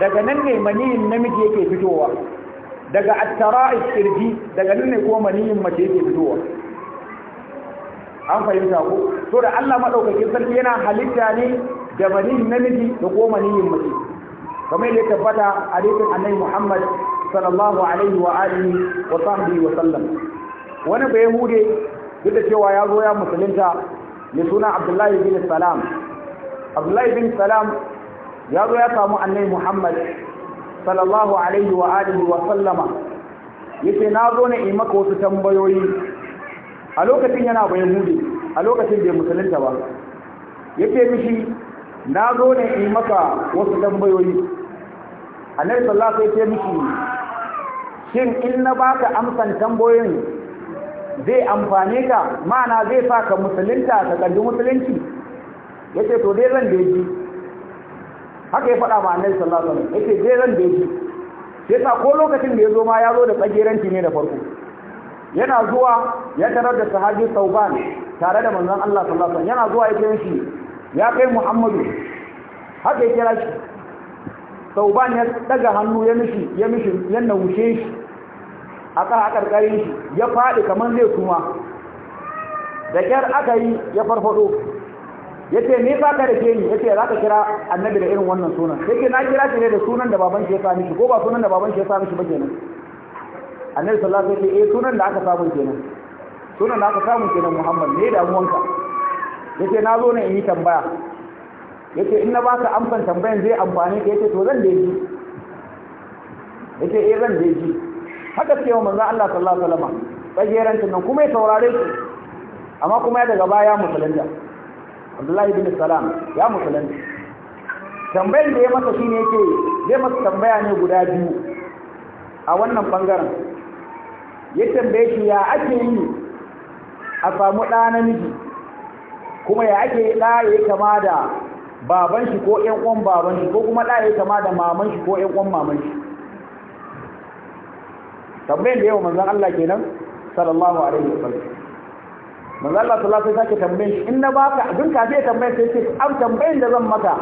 daga nan ne maniyin namiji yake fitowa daga attara'i kirji daga nan ne kuma maniyin mace yake fitowa an fahimta ko to da Allah madaukakin sarki yana halitta ne da maniyin namiji da kuma maniyin mace kamar yadda tabbata a dukkan annabi Muhammad sallallahu alaihi wa alihi wa sahbihi wa sallam wani bai duk da cewa ya zo ya musulunta mai suna Abdullahi bin Salam Abdullahi bin Salam ya zo ya samu annabi Muhammad sallallahu alaihi wa alihi wa sallama yace na zo ne in maka wasu tambayoyi a lokacin yana bayan hudu a lokacin bai musulunta ba yace mishi na zo ne in maka wasu tambayoyi annabi sallallahu alaihi wasallam mishi shin in na baka amsan tambayoyin zai amfane ka ma'ana zai sa ka musulunta ka kalli musulunci yace to dai zan da haka ya faɗa ma annabi sallallahu alaihi wasallam yace jeran da yake sai sa ko lokacin da ya zo ma ya zo da tsageranci ne da farko yana zuwa ya tarar da sahabi Sauban tare da manzon Allah sallallahu alaihi wasallam yana zuwa yake shi ya kai Muhammadu haka ya kira shi Sauban ya daga hannu ya mishi ya mishi yana wuce shi a kan akarkarin shi ya faɗi kamar zai kuma da kyar aka yi ya farfado Ya ce me ba ka da ni? Ya ce za ka kira annabi da irin wannan sunan Ya ce na kira shi ne da sunan da baban shi ya sa mishi ko ba sunan da baban shi ya sa mishi ba kenan annabi sallallahu alaihi wasallam eh sunan da aka samu kenan sunan da aka samu kenan Muhammad ne da Ya ce na zo ne in yi tambaya Ya ce in na ba ka amsan tambayan zai amfani ka ce to zan da Ya ce eh zan da ji. haka cewa manzo Allah sallallahu alaihi wasallam tsageran nan kuma ya saurare shi amma kuma ya daga baya musulunta abdullahi bin salam ya musulunci tambayin da ya masa shine yake zai masa tambaya ne guda biyu a wannan bangaren ya tambaye shi ya ake yi a samu ɗa namiji kuma ya ake yi ɗa ya kama da baban shi ko ƴan uwan baban shi ko kuma ɗa ya kama da maman shi ko ƴan uwan maman shi tambayin da yawa manzon Allah kenan sallallahu alaihi wasallam manzo Allah sallallahu alaihi wasallam sake tambayin shi in na baka abin ka sai tambayin sai ce an tambayin da zan maka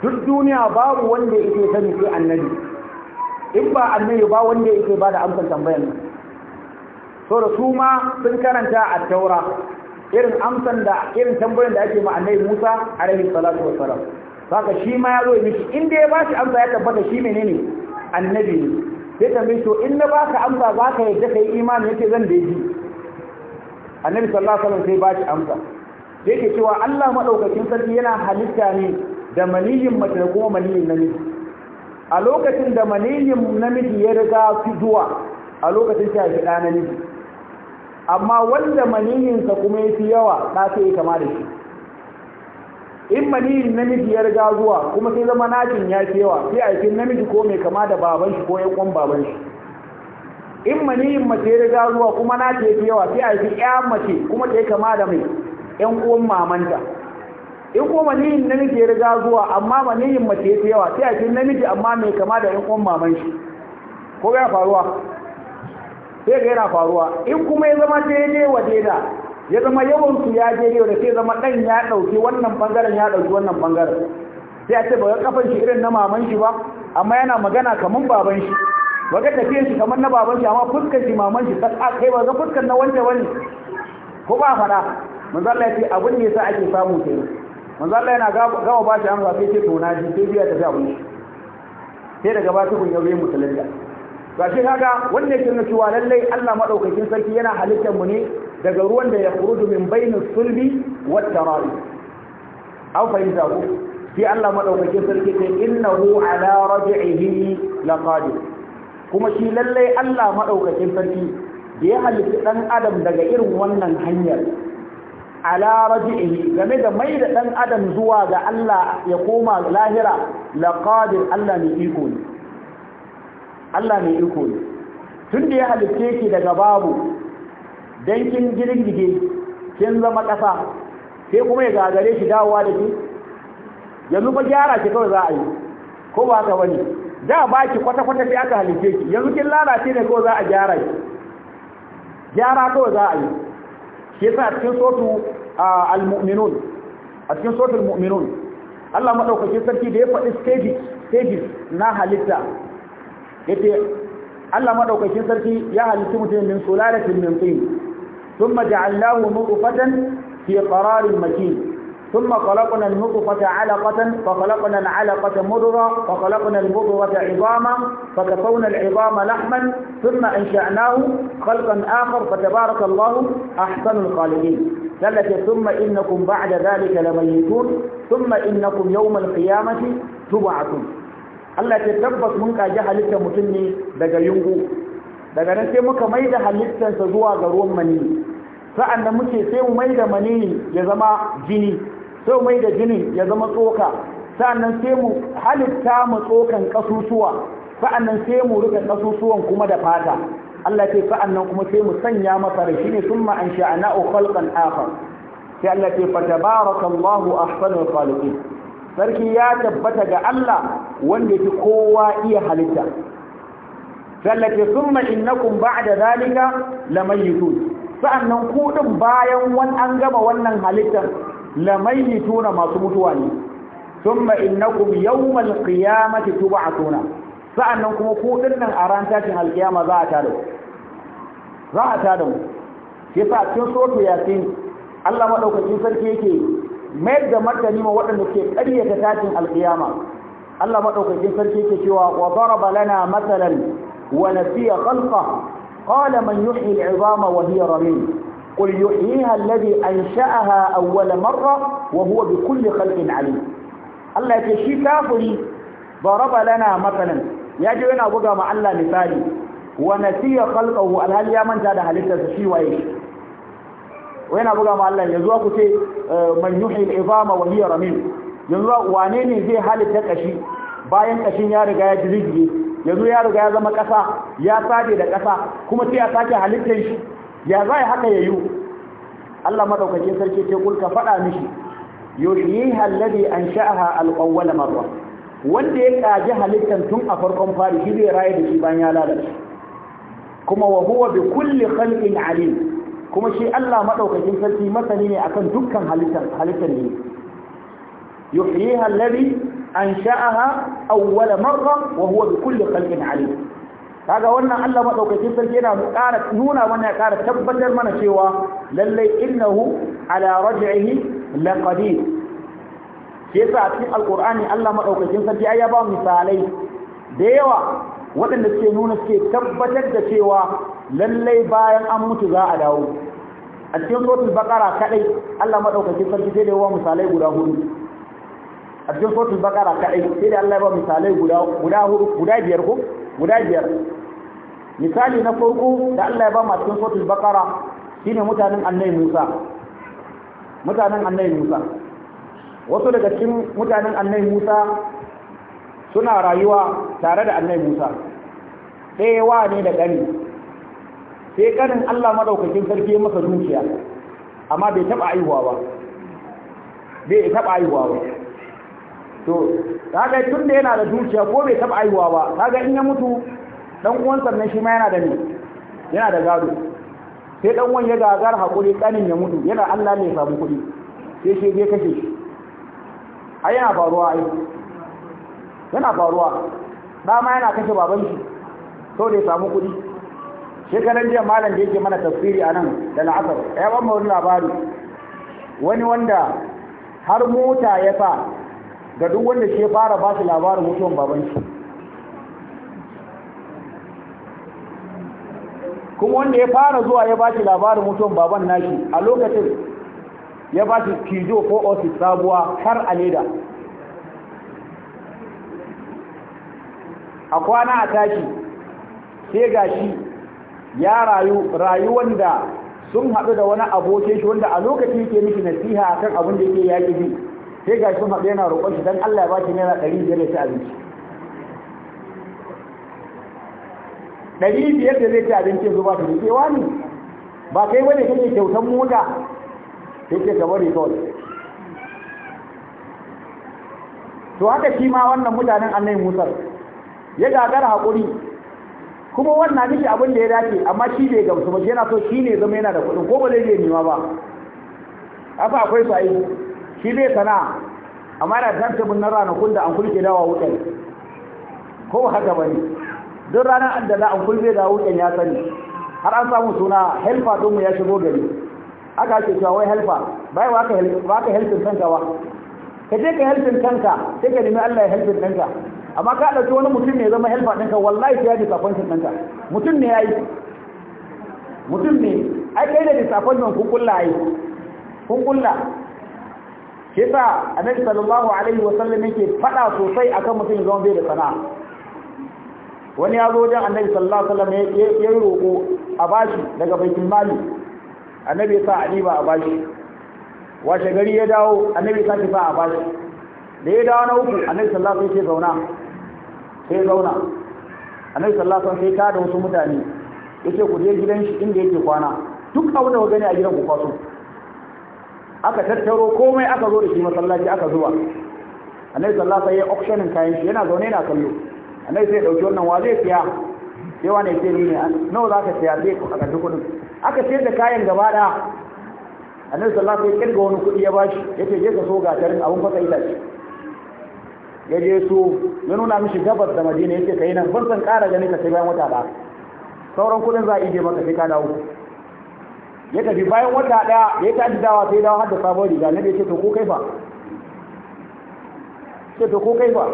duk duniya babu wanda yake sani sai annabi in ba annabi ba wanda yake bada amsar tambayar nan so da su ma sun karanta a taura irin amsar da irin tambayoyin da ake ma annabi Musa alaihi salatu wassalam saka shi ma ya zo miki in dai ya bashi amsa ya tabbata shi menene annabi ne sai tambayi to in na baka amsa ka yadda kai imani yake zan da yi annabi sallallahu alaihi wasallam sai ba shi amsa Sai yake cewa Allah madaukakin sarki yana halitta ne da maniyin mace da kuma maniyin namiji a lokacin da maniyin namiji ya riga fi zuwa a lokacin sai ya ɗa namiji amma wanda maniyinsa kuma ya fi yawa na sai ya kama da shi in maniyin namiji ya riga zuwa kuma sai zama najin ya fi yawa sai aikin namiji ko mai kama da baban shi ko yan baban shi in maniyin mace ya riga zuwa kuma na ta yi yawa sai a yi ya mace kuma ta yi kama da mai yan uwan mamanta in kuma maniyin namiji ya riga zuwa amma maniyin mace ya yawa sai a yi namiji amma mai kama da yan uwan maman shi ko ya faruwa sai ga yana faruwa in kuma ya zama daidai wa daida ya zama yawan su ya daidai wa sai zama dan ya dauki wannan bangaren ya dauki wannan bangaren sai a ce ba ga kafan shi irin na maman shi ba amma yana magana kaman baban shi ba ga tafiye shi kamar na baban shi amma fuskar shi maman shi tsaka kai ba ga fuskar na wanda wani ko ba fada manzo Allah ya ce abin ne yasa ake samu ke manzo Allah yana gawa ba shi amsa sai ce to na ji sai biya ta ga wani sai daga ba ta kun yaure musulunta ba shi kaga wanda yake nuna wa lallai Allah madaukakin sarki yana halittar mu ne daga ruwan da ya furudu min bainus sulbi wat tarari an fahimta ku sai Allah madaukakin sarki ce innahu ala raj'ihi laqadir kuma shi lallai Allah maɗaukakin sarki da ya halitta ɗan adam daga irin wannan hanyar ala raji'ihi game da mai da ɗan adam zuwa ga Allah ya koma lahira laqadir Allah ne iko ne Allah ne iko ne tun da ya halitta ki daga babu dan kin girgige kin zama ƙasa sai kuma ya gagare shi dawowa da ke yanzu ba gyara ki kawai za a yi ko ba ka bane da ba ki kwata-kwata sai aka halice ki yanzu kin lalace ne ko za a gyara ki gyara ko za a yi shi yasa a cikin sotu al-mu'minun a cikin sotu al-mu'minun Allah madaukakin sarki da ya faɗi stages stages na halitta yace Allah madaukakin sarki ya halitta mutum min sulalatin min tin thumma ja'alnahu nutfatan fi qararin makin ثم خلقنا النطفة علقة فخلقنا العلقة مضغة فخلقنا المضغة عظاما فكسونا العظام لحما ثم أنشأناه خلقا آخر فتبارك الله أحسن الخالقين ثلاثة ثم إنكم بعد ذلك لميتون ثم إنكم يوم القيامة تبعثون الله تتبس منك mun kaji halittar mutum ne daga yungu daga nan sai muka mai مشي halittarsa zuwa ga ruwan maniyi جيني Sau mai da jinin ya zama tsoka sa'annan sai mu halitta mu tsokan kasusuwa sa'annan sai mu rika kasusuwan kuma da fata Allah ce sa'annan kuma sai mu sanya masa rai shine summa an sha'ana'u khalqan akhar sai Allah ce fa tabarakallahu ahsanul khaliqin sarki ya tabbata ga Allah wanda yake kowa iya halitta sai Allah ce summa innakum ba'da zalika lamayitun sa'annan ku din bayan wan an gama wannan halittar lamayituna masu mutuwa ne thumma innakum yawmal qiyamati tub'atuna sa'annan kuma ku dinnan a ran tashin alkiyama za a tada za a tada mu sai sa cikin suratu yasin Allah madaukakin sarki yake mayar da martani ma waɗanda ke ƙaryata tashin alkiyama Allah madaukakin sarki yake cewa wa daraba lana masalan wa nasiya khalqa qala man yuhyi al'izama wa hiya ramim قل يحييها الذي أنشأها أول مرة وهو بكل خلق عليم الله يتشي كافري ضرب لنا مثلا يجي هنا بقى مع الله مثالي ونسي خلقه الهل يا من زاد هلسة شي وإيش وهنا بقى مع الله يزوى كتي من يحيي العظام وهي رميم يزوى وانيني زي هلسة كشي bayan kashin ya riga ya jirgi yanzu ya riga ya zama ƙasa ya sade da ƙasa kuma sai ya sake halittar shi ya za ya haka yi? Allah madaukakin sarki ce kul ka faɗa mishi yushiha alladhi ansha'aha al-awwal marra wanda ya kaji halittar tun a farkon fari shi zai raye da shi bayan ya lalace kuma wa huwa bi kulli khalqin alim kuma shi Allah madaukakin sarki masani ne akan dukkan halittar halittan ne yuhiha alladhi ansha'aha awwal marra wa huwa bi kulli khalqin alim kaga wannan Allah madaukakin sarki yana ƙara nuna mana ya ƙara tabbatar mana cewa lallai innahu ala raj'ihi laqadir shi yasa a cikin alqur'ani Allah madaukakin sarki ya ba misalai da yawa waɗanda suke nuna suke tabbatar da cewa lallai bayan an mutu za a dawo a cikin suratul baqara kadai Allah madaukakin sarki sai da yawa misalai guda hudu a cikin sautin bakara kadai sai da Allah ya ba misalai guda hudu guda biyar ko guda biyar misali na farko da Allah ya ba mu cikin suratul baqara shine mutanen annabi Musa mutanen annabi Musa wasu daga cikin mutanen annabi Musa suna rayuwa tare da annabi Musa sai wa ne da gani sai kanin Allah madaukakin sarki masa dukiya amma bai taba aihuwa ba bai taba aihuwa ba to kaga tun da yana da dukiya ko bai taba aihuwa ba kaga in ya mutu dan uwan ne shi ma yana da ne yana da gado sai dan uwan ya gagar hakuri kanin ya mutu yana Allah ne ya samu kuɗi sai shi je kashe shi ai yana faruwa ai yana faruwa da ma yana kashe baban shi to da ya samu kuɗi shekaran jiya malam da yake mana tafsiri anan da la'asar ya ban wani labari wani wanda har mota ya sa ga duk wanda shi ya fara ba shi labarin mutuwan kuma wanda ya fara zuwa ya ba shi labarin mutuwan baban nashi a lokacin ya ba shi kijo ko osi sabuwa har a leda a kwana a tashi sai ga shi ya rayu rayuwan da sun haɗu da wani abokin shi wanda a lokacin ke miki nasiha akan abin da yake yaƙi bi sai ga shi maɗa yana roƙon shi don Allah ya ba shi naira ɗari biyar ya ci abinci ɗari biyar da zai ci abinci zuba ta rike wa ne ba kai wani kake kyautan mota sai ke ka bari kawai to haka shi ma wannan mutanen annai musar ya gagara haƙuri kuma wannan nishi abin da ya dace amma shi bai gamsu ba yana so shi ne zama yana da kuɗin ko ba zai je nema ba afa akwai su aiki shi bai sana'a amma da tantabin na ranakun da an kulke dawa wutan ko haka ne Don ranar da za an kulke da wutan ya sani har an samu suna helfa mu ya shigo gari aka ce cewa wai helfa bai wa ka ba ka helfin kanka ba ka je ka helfin kanka sai ka nemi Allah ya helfin kanka amma ka ɗauki wani mutum ne zama helfa ɗinka wallahi sai ya ji sakoncin kanka mutum ne ya yi. mutum ne ai kai da disappointment kun kulla ai kun kulla kisa annabi sallallahu alaihi wasallam yake fada sosai akan mutum zama bai da sana'a wani ya zo wajen annabi sallallahu alaihi wasallam ya yi roƙo a bashi daga baitul mali annabi ya sa a ba a bashi washe gari ya dawo annabi ya sake sa a bashi da ya dawo na uku annabi sallallahu alaihi wasallam zauna sai zauna annabi sallallahu alaihi wasallam sai ta da wasu mutane yace ku je gidan shi inda yake kwana duk abin da ka gani a gidan ku kwaso aka tattaro komai aka zo da shi masallaci aka zuwa. annabi sallallahu alaihi wasallam ya auctionin kayan shi yana zaune yana kallo annabi sai ya dauki wannan wa zai siya sai wani ya ce ni ne nawa za ka siya zai ku aka kudin aka sayar da kayan gaba daya annabi sallallahu alaihi wasallam ya kirga wani kudi ya bashi yace je ka so ga tarin abun fasa itace ya je su ya nuna mishi gabas da madina yace kai nan ban san kara gani ka sai bayan wata ba. sauran kudin za a ije maka sai ka dawo ya tafi bayan wata daya ya tashi dawa sai dawa har da sabon riga na ce to ko kai fa ce to ko kai fa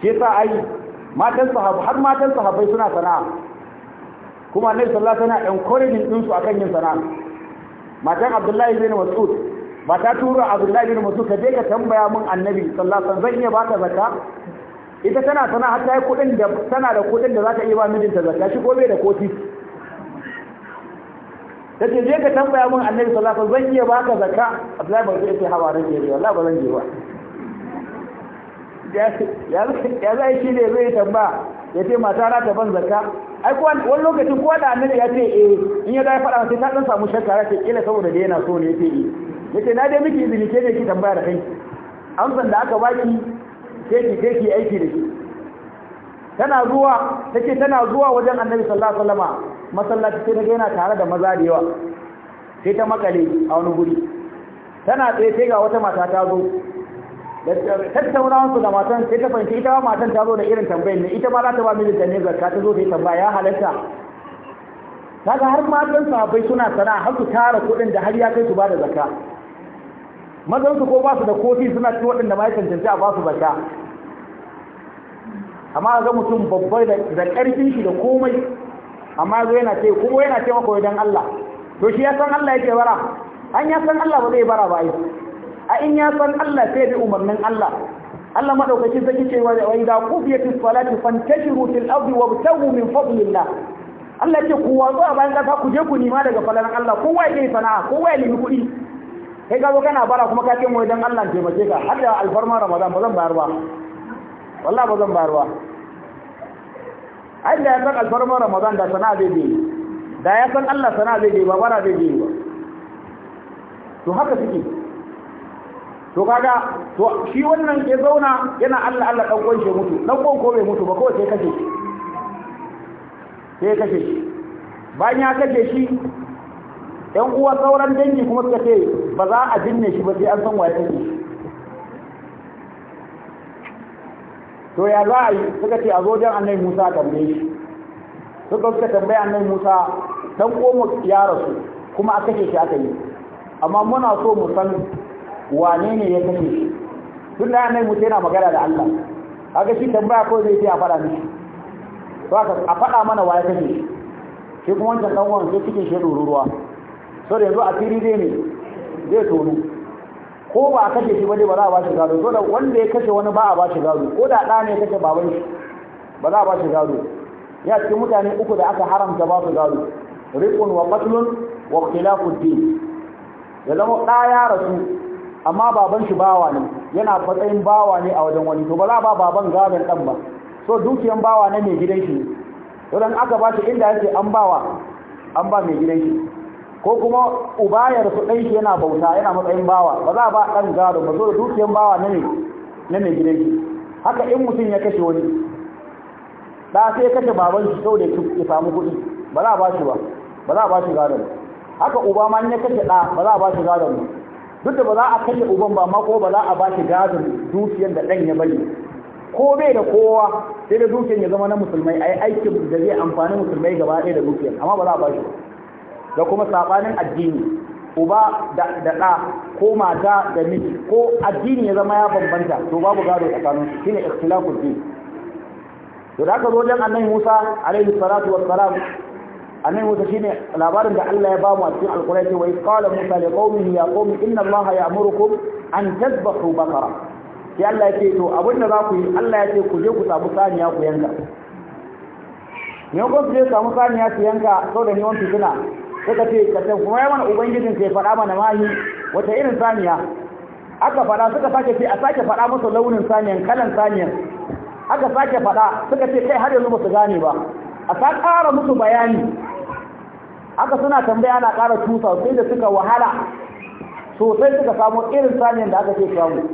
ce sa ai matan sahabu har matan sahabbai suna sana'a kuma annabi sallallahu alaihi wasallam encouraging din su akan yin sana'a matan abdullahi bin mas'ud ba ta tura abdullahi bin mas'ud ka je ka tambaya mun annabi sallallahu alaihi wasallam zan iya baka zakka ita tana sana'a har ta yi kudin da tana da kudin da za ta iya ba mijinta zakka shi ko bai da koti kace je ka tambaya mun annabi sallallahu alaihi wasallam zan iya baka zakka Abdullahi bai ce hawa rage ne wallahi ba zan je ba ya zai shi ne zai tamba ya ce mata na ban zakka ai kuwa wani lokacin kuwa da annabi ya ce eh in ya dai ya faɗa sai ta dan samu shakka ya ce kila saboda da yana so ne ya ce eh yace na dai miki izini ke ne ki tambaya da kai amsan da aka baki ke ki ke ki aiki da shi tana zuwa take tana zuwa wajen annabi sallallahu alaihi wasallama masallaci sai daga yana tare da maza da yawa sai ta makale a wani guri tana tsaye sai ga wata mata ta zo su da matan sai ta fahimci ita ma matan ta zo da irin tambayin ne ita ma za ta ba da ne zakka ta zo ta yi tambaya ya halatta kaga har matan bai suna sana'a har su tara kuɗin da har ya kai su ba da zakka mazan su ko ba su da kofi suna ci waɗanda ma ya cancanci a ba su zakka amma ga mutum babbar da ƙarfin shi da komai amma zo yana ce kuma yana ce maka dan Allah to shi ya san Allah yake bara an ya san Allah ba zai bara ba a in ya san Allah sai bi umarnin Allah Allah madaukakin zai ce wa idza qudiyatis salatu fantashiru fil ardi tabu min fadlillah Allah ce ku wazo a bayan kasa ku je ku nima daga falalan Allah kowa ya yi sana'a kowa ya nemi kuɗi kai ka kana bara kuma ka ce mu dan Allah taimake ka har da alfarma Ramadan ba zan bayar ba wallahi ba zan bayar ba Allah da ya san alfarmar ramadan da sana'a zai je da ya san Allah sana'a zai je ba bara zai je ba to haka suke to kaga to shi wannan ke zauna yana Allah Allah dan uwan mutu dan uwan ko bai mutu ba kawai sai kace shi sai kashe shi bayan ya kashe shi ɗan uwa sauran dangi kuma suka ce ba za a jinne shi ba sai an san waye kashe shi to ya za a yi suka ce a zo jan annai musa tambaye shi suka suka tambaya annai musa dan komo ya rasu kuma a kashe shi aka yi amma muna so mu san wane ne ya kashe shi tun da annai musa yana magana da allah kaga shi tambaya ko zai ce a faɗa mishi to aka a faɗa mana wa ya kashe shi shi kuma wancan dan uwan sai cikin shi ruruwa so da yanzu a fili zai ne zai tono ko ba a kashe shi ba ba za a ba shi gado to da wanda ya kashe wani ba a ba shi gado ko da ɗa ne ya kashe baban shi ba za a ba shi gado ya cikin mutane uku da aka haramta ba su gado riqun wa qatlun wa ikhtilafu din ya zama ɗa ya rasu amma baban shi bawa ne yana fatsayin bawa ne a wajen wani to ba za a ba baban gadon ɗan ba so dukiyan bawa na mai gidan shi to dan aka ba shi inda yake an bawa an ba mai gidan shi ko kuma ubayar su rasu ɗan yana bauta yana matsayin bawa ba za a ba ɗan gado ba zo da dukiyan bawa na ne na mai gidan shi haka in mutum ya kashe wani da sai ya kashe baban shi da ya samu kuɗi ba za a ba shi ba ba za a ba shi gado haka uba ma in ya kashe ɗa ba za a ba shi gado ba duk da ba za a kashe uban ba ma ko ba za a ba shi gado dukiyan da ɗan ya bari ko bai da kowa sai da dukiyan ya zama na musulmai a yi aikin da zai amfani musulmai gaba ɗaya da dukiyan amma ba za a ba shi ba da kuma sabanin addini uba da ɗa ko mata da miji ko addini ya zama ya bambanta to babu gado tsakanin su shine ikhtilafud din to da aka zo wajen annabi Musa alaihi salatu wassalam annabi Musa shine labarin da Allah ya mu a cikin alqur'ani wa qala Musa li qaumihi ya qaumi inna Allah ya'murukum an tadhbahu baqara sai Allah yake to to da za ku yi Allah ya ce ku je ku samu saniya ku yanka ne ku je samu saniya ku yanka saboda ni wani fitina suka ce ka san kuma yawan ubangijin sai faɗa mana mahi wata irin saniya aka faɗa suka sake ce a sake faɗa musu launin saniyan kalan saniyan aka sake faɗa suka ce kai har yanzu ba su gane ba a sa ƙara musu bayani aka suna tambaya ana ƙara tusa sai da suka wahala sosai suka samu irin saniyan da aka ce samu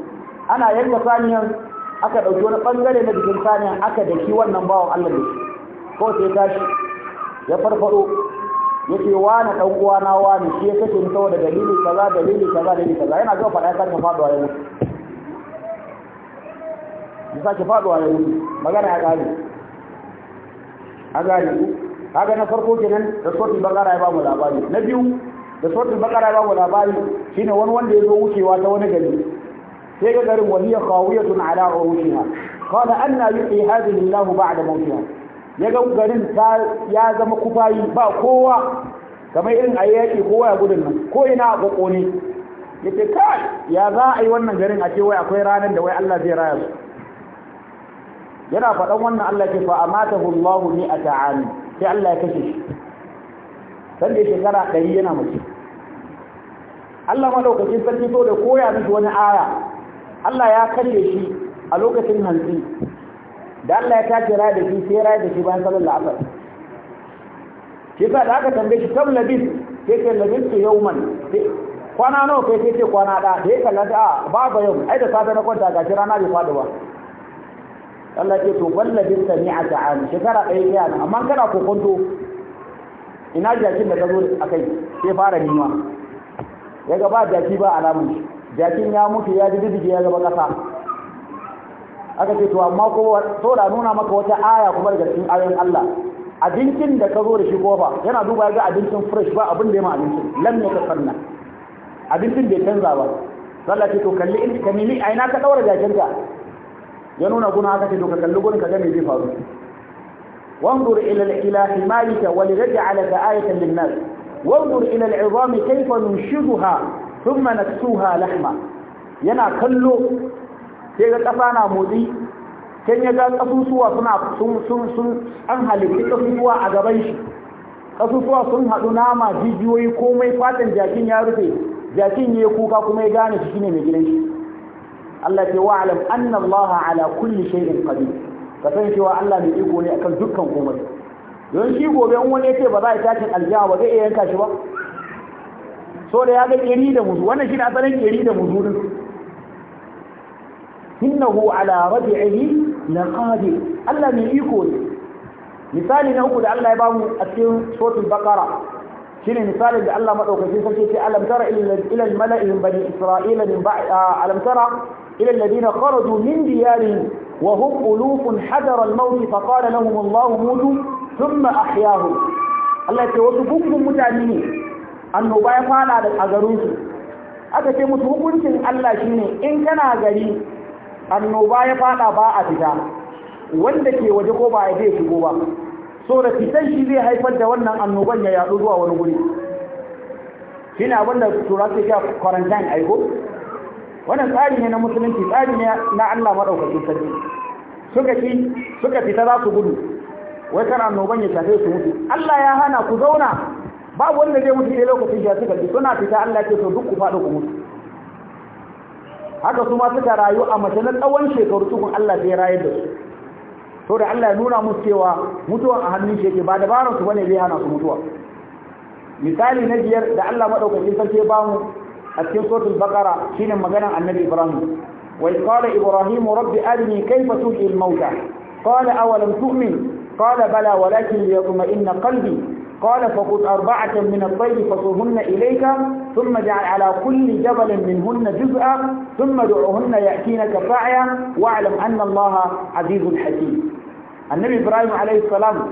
ana yanka saniyan aka ɗauki wani ɓangare na jikin saniyan aka daki wannan bawan Allah ne ko sai tashi ya farfado yake wani dan uwa na wani shi ya kace ni saboda dalili kaza dalili kaza dalili kaza yana ga fada ka faɗuwa ya mutu ya sake faɗuwa ya mutu magana ya gani a gane ku kaga na farko kenan da sotul bakara ya ba mu labari na biyu da sotul bakara ya ba mu labari shine wani wanda ya zo wucewa ta wani gari sai ga garin waliya khawiyatun ala urushiha qala anna yuhyi hadhihi allah ba'da mawtiha ya ga garin ya zama kufayi ba kowa kamar irin a yaƙi kowa ya gudun nan ko ina a ƙoƙo ne ya ce kai ya za a yi wannan garin a ce wai akwai ranar da wai Allah zai raya su yana faɗan wannan Allah ce fa amatahu Allahu ni a ta'ani sai Allah ya kashe shi san da shekara ɗari yana mace Allah malaukakin sarki so da koya mishi wani aya Allah ya kalle shi a lokacin hantsi da Allah ya tashi raya da shi sai raya da shi bayan salon la'asar shi sa da aka tambaye shi kam labis sai ce labis su yau man kwana nawa kai sai ce kwana da da ya kalla ta a babu yau ai da safe na kwanta ga shi rana bai faɗi ba Allah ce to balla bin sami a ta'ani shekara ɗaya ɗaya nan amma kana kokonto ina jakin da ka zo a kai sai fara nima ya ga ba jaki ba alamun jakin ya mutu ya ji dudige ya gaba ƙasa aka ce to amma kuma da nuna maka wata aya kuma daga cikin ayoyin Allah abincin da ka zo da shi kofa yana duba ya ga abincin fresh ba abin da ya ma abincin lam ya sanna abincin bai canza ba sallah ce to kalli in ka nemi aina ka daura jakinka ya nuna guna haka ce to ka kalli gurin ka ga me zai faru وانظر إلى إلى حمارك ولنجعلك آية للناس وانظر إلى العظام كيف ننشدها ثم نكسوها lahma, yana kallo sai ga ƙasa na motsi can ya ga ƙasusuwa suna sun sun sun an halitti ƙasusuwa a gaban shi ƙasusuwa sun haɗu nama jijiyoyi komai fatan jakin ya rufe jakin ya kuka kuma ya gane shi shine mai gidan shi Allah ce wa alam anna Allah ala kulli shay'in qadir ka san cewa Allah mai iko ne akan dukkan komai don shi gobe in wani yace ba za a tashi aljaha ba zai iya yanka shi ba so da ya ga kiri da muzu wannan shi ne asalin kiri da muzu din إنه على رجعه لقادر ألا من إيكول مثال نقول على يبعو أسير صوت البقرة شين مثال إذا ألا مدوك ألم ترى إلى الملأ من بني إسرائيل من بعد آه، ألم ترى إلى الذين خرجوا من ديارهم وهم ألوف حذر الموت فقال لهم الله موت ثم أحياه الله يتوسفكم متعلمين أنه بايفان على الأغروس أتكي متوقنش ألا شيني إن كان أغريب annoba ya fada ba a fita wanda ke waje ko ba ya zai shigo ba so da fitan shi zai haifar da wannan annoban ya yadu zuwa wani guri shi ne abinda tura su ya quarantine aiko wannan tsari ne na musulunci tsari ne na Allah madaukakin sarki suka ki suka fita za su gudu wai kan annoban ya shafe su mutu Allah ya hana ku zauna babu wanda zai mutu sai lokacin da suka ji suna fita Allah ya ce to duk ku fado ku mutu haka su ma suka rayu a mace na tsawon shekaru tukun Allah sai rayar da su to da Allah ya nuna musu cewa mutuwa a hannun shi yake ba dabaran su bane zai hana su mutuwa misali na biyar da Allah madaukakin sarki ba bamu a cikin suratul baqara shine maganar annabi Ibrahim wa qala ibrahim rabbi arini kayfa tuhyi al-mauta qala awalam tu'min qala bala walakin liyatma'inna qalbi قال فخذ أربعة من الطير فصوهن إليك ثم اجعل على كل جبل منهن جزءا ثم دعهن يأتينك سعيا واعلم أن الله عزيز حكيم annabi ibrahim alayhi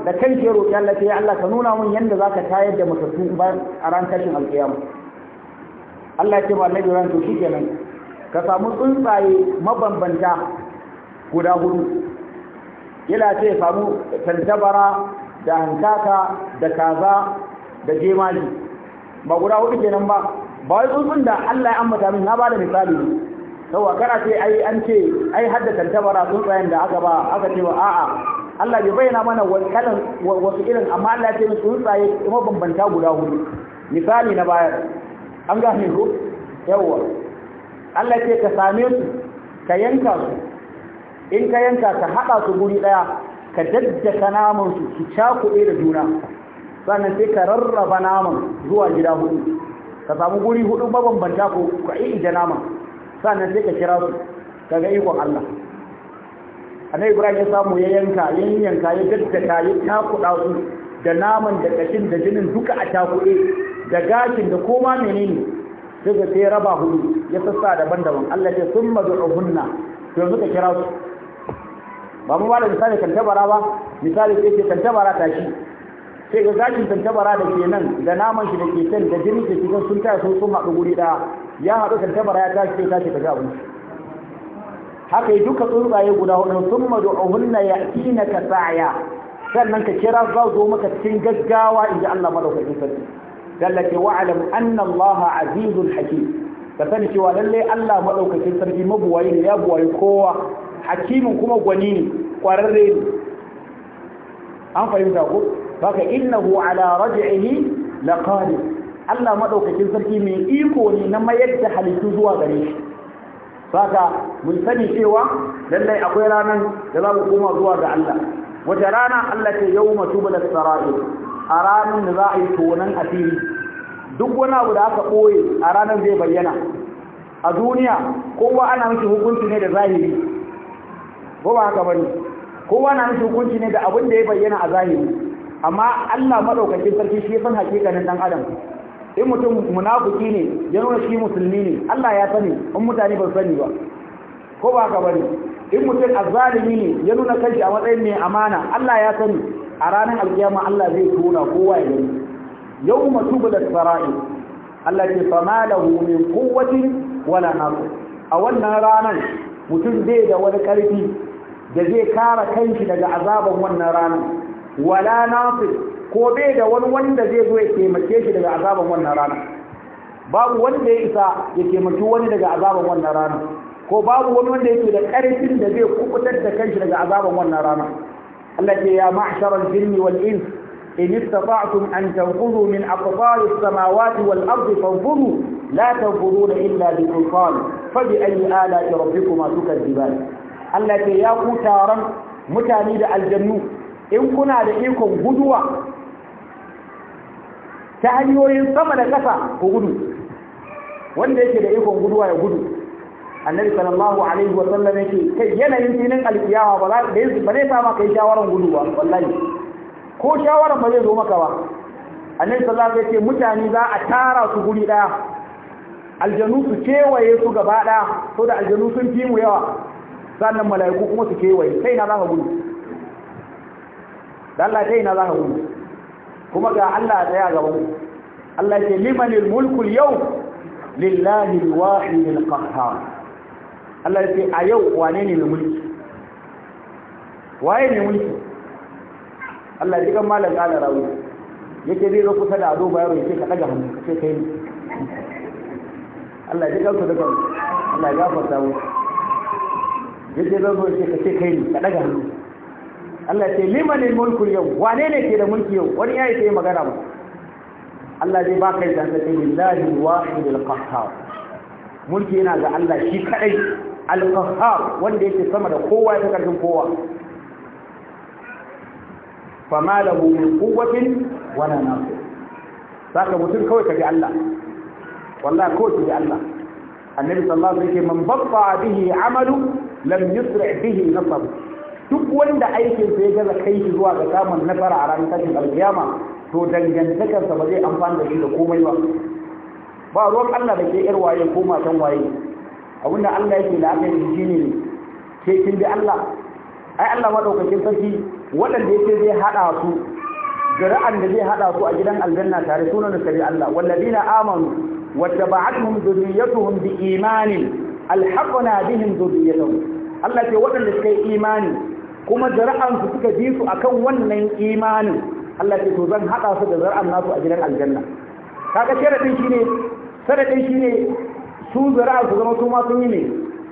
da kai ke roƙi Allah sai Allah ka nuna mun yanda zaka tayar da matattu bayan a ran tashin alƙiyama Allah ce ba ka samu tsuntsaye mabanbanta guda hudu yana samu tantabara da hankaka da kaza da jemali ba guda hudu kenan ba ba wai tsuntsun da Allah ya ambata min na ba da misali saboda kana ce ai an ce ai hadda tantabara tsuntsayen da aka ba aka ce ba a'a Allah bai bayyana mana wankalan wasu irin amma Allah ya ce min tsuntsaye kuma bambanta guda hudu misali na bayar an gane ko yawa Allah ce ka same su ka yanka su in ka yanka ka haɗa su guri ɗaya ka daddaka naman su ki cakuɗe da juna sannan sai ka rarraba naman zuwa gida hudu ka samu guri hudu mabambanta ko ka ija naman sannan sai ka kira su daga ikon Allah annabi Ibrahim ya samu ya yanka ya yanka ya daddaka ya cakuɗa su da naman da kashin da jinin duka a cakuɗe da gashin da koma menene ka sai raba hudu ya sassa daban-daban Allah ya summa du'uhunna to yanzu ka kira su ba mu ba da misali kan tabara ba misali sai ce tantabara ta shi sai ga zakin kan tabara da ke nan da naman shi da ke can da jini da cikin sun taya sun sun haɗu guri ɗaya ya haɗu kan tabara ya tashi sai tashi ka ga abinci haka yi duka tsuntsaye guda hudu sun madu'uhunna ya ina ka sa'aya sannan ka kira za zo maka cikin gaggawa in ji Allah madaukakin sarki dallake wa'alam anna Allah azizul hakim ka sani cewa lallai Allah madaukakin sarki mabuwayi ne ya buwayi kowa hakimin kuma gwani ne kwararre ne an fahimta ko baka innahu ala raj'ihi laqadir Allah madaukakin sarki mai iko ne na mayar da halittu zuwa gare shi saka mun sani cewa lallai akwai ranar da za mu koma zuwa ga Allah wata rana Allah ce yawma tubal sarai a ranar da za a yi tonan asiri duk wani abu da aka ɓoye a ranar zai bayyana a duniya kowa ana miki hukunci ne da zahiri ko ba haka bane kowa na an hukunci ne da abin da ya bayyana a zahiri amma Allah madaukakin sarki shi san hakikanin dan adam in mutum munafiki ne ya nuna shi musulmi ne Allah ya sani in mutane ba sani ba ko ba haka bane in mutum azzalimi ne ya nuna kanshi a matsayin mai amana Allah ya sani a ranar alkiyama Allah zai tona kowa ya gani yau matubu da sara'i Allah ke fama da min kuwatin wala nasu a wannan ranar mutum zai da wani karfi da zai kara kanshi daga azaban wannan rana wala nasir ko bai da wani wanda zai zo ya taimake shi daga azaban wannan rana babu wanda ya isa ya taimaki wani daga azaban wannan rana ko babu wani wanda yake da karfin da zai kubutar da kanshi daga azaban wannan rana Allah ce ya ma'sharal jinni wal ins in istata'tum an tanfudu min aqtar as-samawati wal ardi fanfudu la tanfuduna illa bi sultan fa bi ayyi ala'i rabbikuma tukadiban Allah ce ya ku taron mutane da aljannu in kuna da ikon guduwa ta hanyoyin sama da ƙasa ku gudu wanda yake da ikon guduwa ya gudu annabi sallallahu alaihi wa sallam yake kai yanayin filin alkiyama ba za ba zai sa kai shawaran gudu ba wallahi ko shawaran ba zai zo maka ba annabi sallallahu alaihi yake mutane za a tara su guri daya aljanu su kewaye su gaba daya to da aljanu sun fi mu yawa sannan mala'iku kuma su kewaye kai na za ka gudu da Allah kai na za ka gudu kuma ga Allah tsaya gaban Allah ce limanil mulkul yau lillahi alwahidil qahhar Allah ce a yau wane ne mulki waye ne mulki Allah ji kan malam kala rawi yake zai zo kusa da ado bayaro yake ka daga hannu kace kai Allah ya gafarta su daga Allah ya gafarta mu yake zan zo ce ka ce kai ne ka daga hannu Allah ce limanin mulkul yau wane ne ke da mulki yau wani ya yi magana ba Allah zai baka yi zanta ce lillahi wahidul qahhar mulki yana ga Allah shi kadai al qahhar wanda yake sama da kowa ya karfin kowa fama lahu min quwwatin wala nasir saka mutum kawai kaji Allah wallahi kawai kaji Allah annabi sallallahu alaihi wasallam man batta bihi amalu lam yusra bihi nasab duk wanda aikin sa ya gaza kai shi zuwa ga samun nasara a ranar tashin alkiyama to dangantakarsa ba zai amfana da shi da komai ba ba ruwan Allah da ke yar ko matan waye abinda Allah yake da aka yi shine ke kin bi Allah ai Allah madaukakin sarki waɗanda yake zai hada su zira'an da zai hada su a gidan aljanna tare sunan da sari Allah wallazina amanu wattaba'atuhum dhurriyyatuhum imanin. alhaqna bihim dhurriyyatuhum Allah ce waɗanda suka yi imani kuma zara'an suka bi su akan wannan imanin Allah ce to zan haɗa su da zara'an nasu a gidan aljanna kaga sharadin shine sharadin shine su zara'an su zama su ma sun yi ne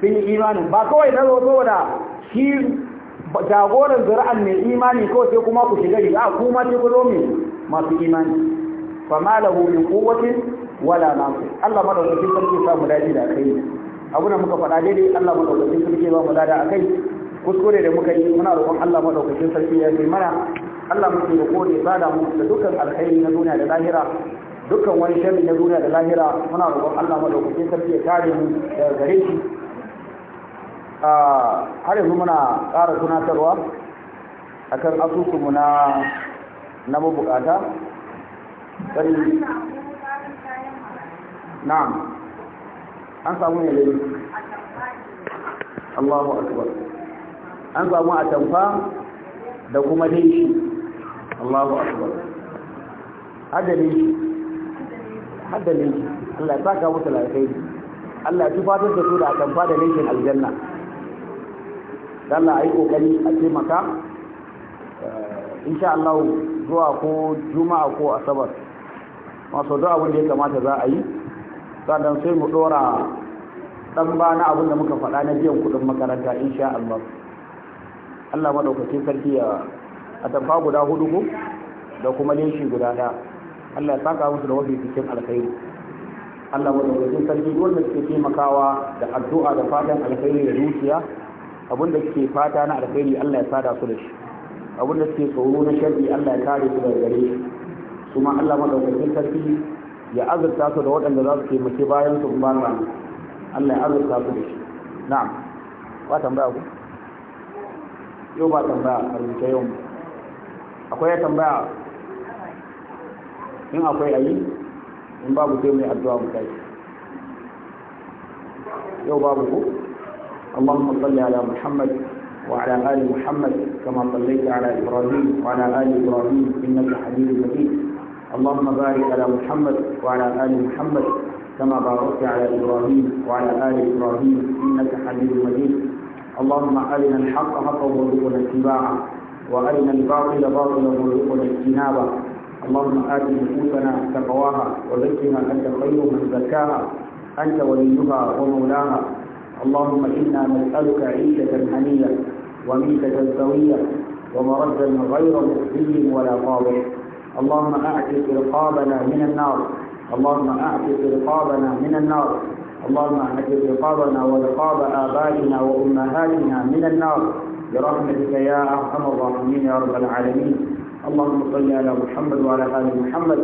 sun yi imanin ba kawai na zo saboda shi jagoran zara'an mai imani kawai sai kuma ku shiga riga kuma ce ku zo mai masu imani fama lahu min quwwatin wala nasir Allah madaukakin sarki samu dace da kai abu da muka faɗa daidai Allah madaukakin sarki ba mu lada kai. kuskure da muka yi muna roƙon Allah madaukakin sarki ya kai mana Allah muke roƙo da ya da mu da dukkan alkhairi na duniya da lahira dukkan wani sharri na duniya da lahira muna roƙon Allah madaukakin sarki ya kare mu daga gare shi har yanzu muna ƙara tunatarwa akan asusunmu na na mabukata na'am an samu ne dai Allahu akbar an samu a tamfa da kuma dai shi Allahu akbar hadalin shi hadalin shi Allah ya saka musu lafiya Allah ya fatar da su da tamfa da nishin aljanna Allah ai kokari a taimaka eh, insha Allah zuwa ko juma'a ko asabar masu da abin da ya kamata za a yi sannan sai mu ɗora ɗan ba na abin da muka faɗa na biyan kuɗin makaranta insha Allah Allah maɗaukacin sarki ya a tamfa guda hudu ko da kuma leshi guda ɗaya Allah ya saka musu da wasu cikin alkhairi Allah maɗaukacin sarki wanda suke taimakawa da addu'a da fatan alkhairi da zuciya abin da suke fata na alkhairi Allah ya sada su da shi abin da suke tsoro na sharri Allah ya kare su daga gare shi kuma Allah maɗaukacin sarki ya azurta su da waɗanda za su ke taimaki bayan su kuma na Allah ya azurta su da shi na'am ba tambaya ku yau ba tambaya a rubuce yau akwai ya tambaya in akwai ayi in babu sai mai addu'a mu kai yau babu ku اللهم صل على محمد وعلى آل محمد كما صليت على إبراهيم وعلى آل إبراهيم إنك حميد مجيد اللهم بارك على محمد وعلى آل محمد كما باركت على إبراهيم وعلى آل إبراهيم إنك حميد مجيد اللهم أرنا الحق حقا وارزقنا اتباعه وأرنا الباطل باطلا وارزقنا اجتنابه اللهم آت نفوسنا تقواها وزكها أنت خير من زكاها أنت وليها ومولاها اللهم إنا نسألك عيشة هنية وميتة سوية ومردا غير مخزي ولا فاضح اللهم أعتق رقابنا من النار اللهم أعتق رقابنا من النار اللهم أعتق رقابنا ورقاب آبائنا وأمهاتنا من النار برحمتك يا أرحم الراحمين يا رب العالمين اللهم صل على محمد وعلى آل محمد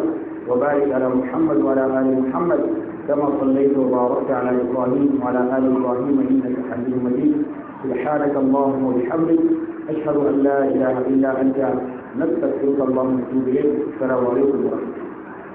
وبارك على محمد وعلى آل محمد كما صليت وباركت على إبراهيم وعلى آل إبراهيم إنك حميد مجيد سبحانك اللهم وبحمدك أشهد أن لا إله إلا أنت نستغفرك اللهم من اليك السلام عليكم ورحمه الله